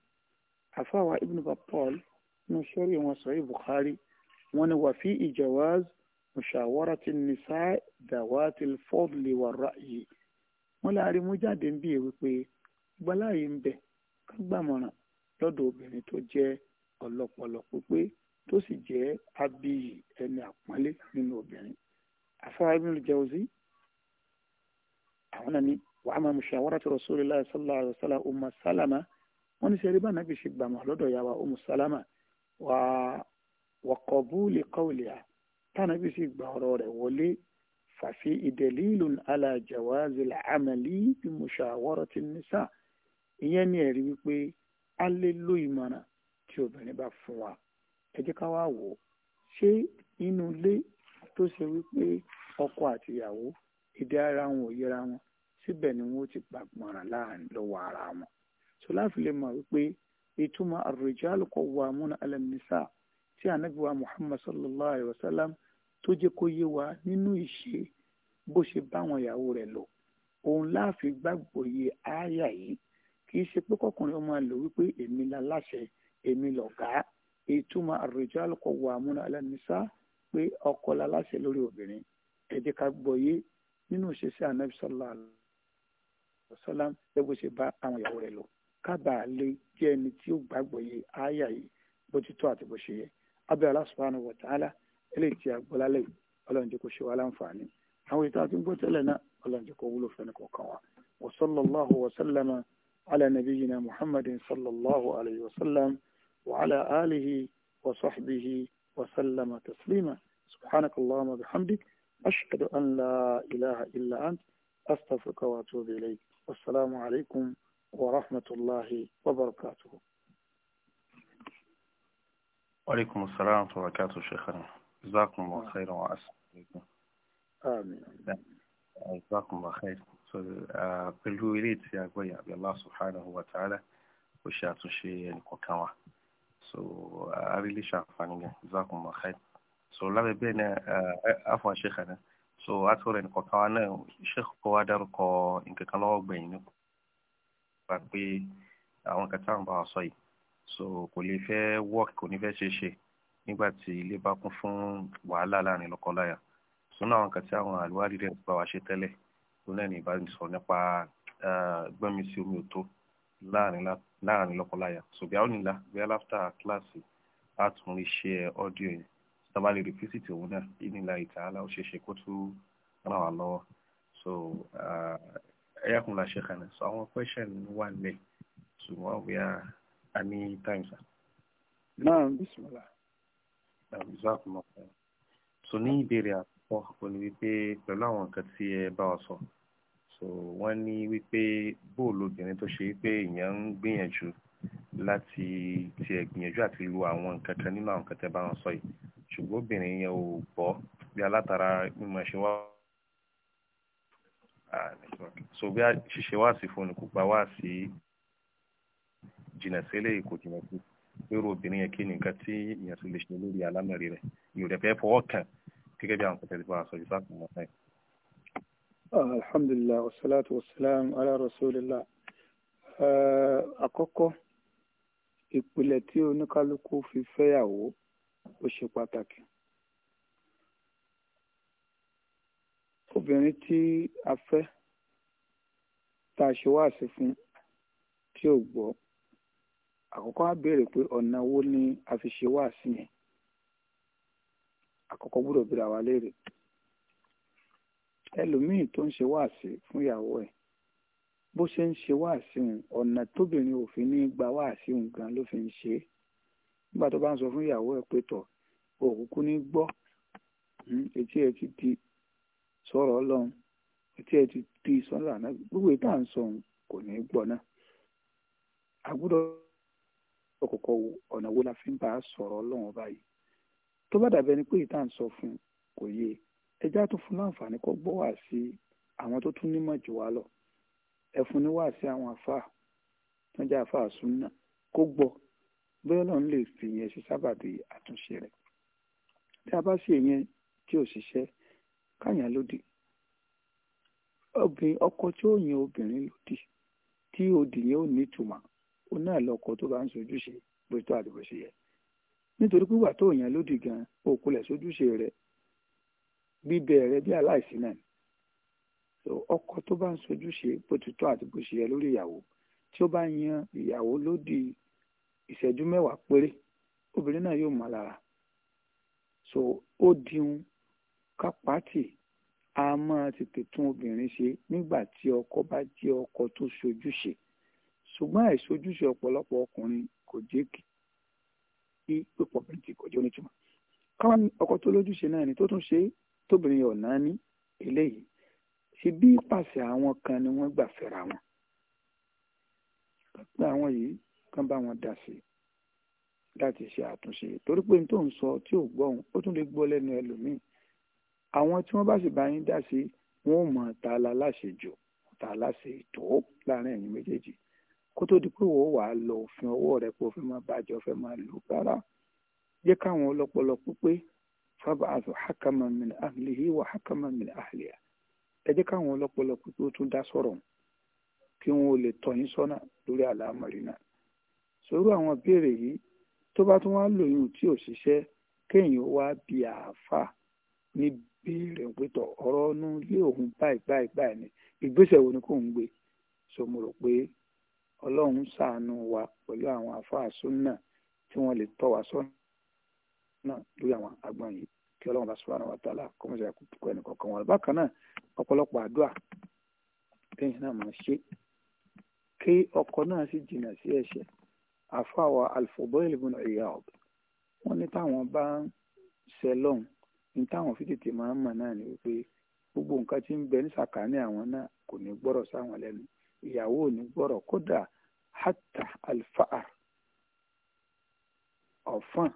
àfáwà ibn Battal ní sọ́rí wọn sọ Bukhari wọ́n ní wà fi ìjàwáz mushawaratin nisa dawatil fadli wa ra'yi wọ́n láàrin mú jáde ń bí ewé pé gbọ́láyé ń bẹ̀ ká gbàmọ̀ràn lọ́dọ̀ obìnrin tó jẹ́ ọlọ́pọlọ pípé tó sì jẹ́ abiyì ẹni àpọ́nlé nínú obìnrin afárá Ibn al-Jawzi àwọn náà ni wàá máa mushawarati Rasulillah sallallahu alaihi wa sallam Ummu Salama wọ́n ní sẹ́rí bá nàbì ṣe gbàmọ̀ lọ́dọ̀ ìyá wa Ummu Salama wa qabuli qawliha tánàbì sì gba ọ̀rọ̀ rẹ̀ wọlé fa fihi dalilun ala jawazil amali bi mushawarati nisa' ìyẹn ni ẹ̀rí wípé a lè lo ìmọ̀ràn tí obìnrin bá fún wa ẹ jẹ́ ká wá wò ó ṣé inú ilé tó ṣe wípé ọkọ àti ìyàwó èdè ara wọn ò yẹra wọn síbẹ̀ ni wọ́n ti gbàgbọ́nràn láàrin lọ́wọ́ ara wọn so láti lè mọ̀ wípé ìtumọ̀ ar-rijalu qawwamuna 'ala an tí ànábì Muhammad sallallahu alayhi wa sallam tó jẹ́ kó yé wa nínú ìṣe bó ṣe báwọn ìyàwó rẹ̀ lò òun láàfin gbàgbọ́ yé ááyà yìí kì í ṣe pé kọkùnrin ọmọ lò wípé èmi la láṣẹ èmi lọ̀gá ìtumọ̀ ar-rijal qawwamuna 'ala an-nisa' pé ọkọ la láṣẹ lórí obìnrin ẹ ká gbọ́yé nínú ìṣesí anabi ṣe bá àwọn ìyàwó lè ẹni tí ó àyà yìí bó ti àti bó ṣe yẹ eléyìí a gbọ́ lálẹ́ ṣe wá láǹfààní àwọn ìta gbọ́ tẹ́lẹ̀ náà wúlò fẹ́ni kọ̀ọ̀kan wa على نبينا محمد صلى الله عليه وسلم وعلى آله وصحبه وسلم تسليما سبحانك اللهم وبحمدك أشهد أن لا إله إلا أنت أستغفرك وأتوب إليك والسلام عليكم ورحمة الله وبركاته وعليكم السلام ورحمة الله وبركاته شيخنا جزاكم الله خيرا وأسلم عليكم آمين جزاكم الله خير so pẹ̀lú ilé tí a gbọ́ yàgbé Allah subhanahu wa ta'ala ó ṣe àtúnṣe ẹnìkọ̀ọ̀kan wa so a rí lè ṣàǹfààní gan jazakumullahu khair so lábẹ́ bẹ́ẹ̀ náà afọ àṣekà náà so a tó rẹ̀ nìkọ̀ọ̀kan wa náà ṣèkọ̀ kọ́ wa dárúkọ nǹkan kan lọ́wọ́ gbẹ̀yìn nípa pé àwọn kan táwọn bá wa sọ yìí so kò lè fẹ́ work kò ní fẹ́ ṣe ṣe nígbà tí ilé bá kún fún wàhálà láàrin lọ́kọláya so náà àwọn kan tí àwọn àlùwárí rẹ̀ bá wa ṣe tẹ́lẹ̀ lónà ní ìbá sọ nípa gbẹ́mi sí omi òtó láàrin lọ́kọláya so bí a ó nílá bí a láfta kíláàsì a tún rí ṣe ọ́díò yẹn tábà lè rí físítì òun náà ìnílá ìtàhálà ó ṣeéṣe kó tún ràn wá lọ́wọ́ so ẹ̀yàkùn làṣẹ kan náà so àwọn question wà nílẹ̀ ṣùgbọ́n bí a ní time sir. náà bísí mọ́lá. ṣùgbọ́n so ní ìbéèrè àti àkọ́kọ́ ó ní wípé pẹ̀lú àwọn nǹkan tí ẹ bá wa sọ so wọ́n ní wípé bóòlù obìnrin tó ṣe wípé èèyàn ń gbìyànjú láti tiẹ̀ gbìyànjú àti lu àwọn nǹkan kan nínú àwọn nǹkan tẹ́ bá wọn sọ yìí ṣùgbọ́n obìnrin yẹn ò gbọ́ bí alátara mímọ̀ ṣe wá so bí a ṣiṣẹ́ wá sí fóònù kó gba wá sí jìnnà sí eléyìí kò jìnnà sí irú obìnrin yẹn kí ni nǹkan tí èèyàn ti lè ṣe lórí alámọ̀rí rẹ̀ yóò dẹ̀ fẹ́ fọwọ́ kàn gẹ́gẹ́ bí àwọn kò tẹ̀lé bá a sọ yìí sáà kùnà náà. alhamdulillah wasalaatu wasalaam ala rasulillah àkọ́kọ́ ìpìlẹ̀ tí oníkálukú fi fẹ́yàwó pàtàkì. obìnrin tí a fẹ́ tá a ṣe wáàsí fún tí ò gbọ́ àkọ́kọ́ á béèrè pé ọ̀nà wo ni a fi ṣe wáàsí yẹn àkọ́kọ́ gbọ́dọ̀ bíra wa léèrè ẹlòmíì tó ń ṣe wáàsí fún ìyàwó ẹ̀ bó ṣe ń ṣe wáàsí òun ọ̀nà tóbìnrin òfin ní gba wáàsí òun gan ló fi ń ṣe é nígbà tó bá ń sọ fún ìyàwó ẹ̀ pé tọ̀ òkúkú ní gbọ́ hmm, etí ẹ ti di sọ̀rọ̀ ọlọ́run etí ẹ ti di sọ́nà àná gbogbo ètò ń sọ òun kò ní gbọ́ náà àgbọ́dọ̀ ọ̀kọ̀ọ̀kọ̀ ọ̀nà wo la fi ń bá a sọ̀rọ̀ ọlọ́run báyìí tó bá dàbẹ́ ni pé ìtàn sọ fún kò yé ẹjá tó fún láǹfààní kó gbọ́ wá sí àwọn tó tún nímọ̀ jù wá lọ ẹ̀fún ni wá sí àwọn àfáà tó jẹ́ àfáà súnà kó gbọ́ bóyá náà ń lè fi yẹn ṣe sábàbí àtúnṣe rẹ̀ tí a bá ṣe yẹn tí ò ṣiṣẹ́ káyàn lòdì obìnrin ọkọ tí ó yan obìnrin lòdì tí òdì yẹn ò ní ìtumọ̀ ó náà lọkọ tó bá ń ṣojúṣe bó tó àdìbò ṣe yẹ nítorí pé wà tó yàn lódì gan òkulẹ̀ sójúṣe rẹ bíbẹ rẹ bí aláìsí náà so ọkọ tó bá ń sojúṣe bó ti tọ́ àti bó ṣe yẹ lórí ìyàwó tí ó bá yan ìyàwó lódì ìṣẹ́jú mẹ́wàá péré obìnrin náà yóò mọ̀ lára so ó diun kápátì a máa tètè tún obìnrin ṣe nígbà tí ọkọ bá jẹ́ ọkọ tó sojúṣe ṣùgbọ́n àìsojúṣe ọ̀pọ̀lọpọ̀ ọkùnrin kò jẹ́ kí sí pípọ̀ méjì kọjá onítumọ̀ káwọn ọkọ tó lójúṣe náà ni tó tún ṣe tóbìnrin ọ̀nà ní eléyìí ṣe bí ìpàṣẹ àwọn kan ni wọ́n gbà fẹ́ra wọn pé àwọn yìí kàn bá wọn dá sí láti ṣe àtúnṣe torí pé n tó ń sọ tí ò gbọ́ òun ó tún lè gbọ́ lẹ́nu ẹlòmíì àwọn tí wọ́n bá sì bá yín dá sí wọn ò mọ̀ ta la láṣejù ta láṣe tó láàrin ẹ̀yin méjèèjì kó tó di pé wò ó wàá lọ òfin ọwọ́ rẹ pé o fẹ́ máa bàjẹ́ o fẹ́ máa lò rárá jẹ́ káwọn ọlọ́pọlọ pípé fábàásù hákàmà min ahlihi wà hákàmà min ahliha ẹ jẹ́ káwọn ọlọ́pọlọ pípé ó tún dá sọ̀rọ̀ kí wọn ò lè tọ́ yín sọ́nà lórí àlámọ̀rí náà sọ̀rọ̀ àwọn béèrè yìí tó bá tún wá lòyún tí ò ṣiṣẹ́ kéèyàn wá bí àáfà ní béèrè pétọ̀ ọ̀rọ̀ ọ̀nù lé òun báyìí báyìí báyìí ni ìgbésẹ̀ wo ni kò ń gbé so mo rò pé ọlọ́run ṣàánú wa pẹ̀lú àwọn àfáà súnà tí wọ́n lè tọ́ wa sọ́nà lórí àwọn agbọ́n yìí kí ọlọ́run bá subhanahu wa ta'ala kó mọ̀ sí àkókò ẹnì kọ̀ọ̀kan wọn. bákan náà ọ̀pọ̀lọpọ̀ àdúrà lẹ́yìn náà máa ṣe kí ọkọ náà sì jìnnà sí ẹ̀ṣẹ̀ àfáà wa al-Fudail ibn Iyad wọ́n ní táwọn bá ń ṣe lọ́hùn ní táwọn fi tètè máa ń mọ̀ náà ni wípé gbogbo nǹkan tí ń bẹ ní sàkáání àwọn náà kò ní gbọ́rọ̀ sáwọn lẹ́nu ìyàwó n'i ní kódà hata alfa'ar ọ̀fàn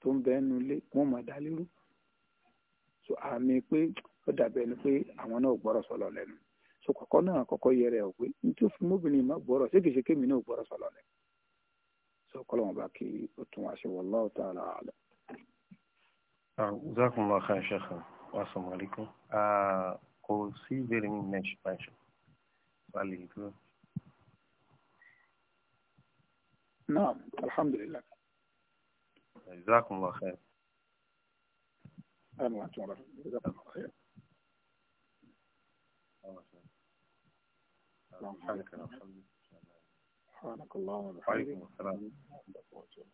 tó ń bẹ ẹnu ilé wọn máa dá lérú so àmì pé ó dàbí ẹni pé àwọn náà sọ̀lọ̀ so kọ̀kọ́ náà kọ́kọ́ yẹrẹ ọ̀ pé nítorí fún mọ́bìnrin má gbọ́rọ̀ ṣé kìí ṣe kémi náà gbọ́rọ̀ sọ̀lọ̀ lẹ́nu so kọ́lọ́mù bá kí o tún wá ah, kò sí عليكم نعم الحمد لله جزاكم الله خير أهلا جزاكم الله خير نعم. سبحانك اللهم وبحمدك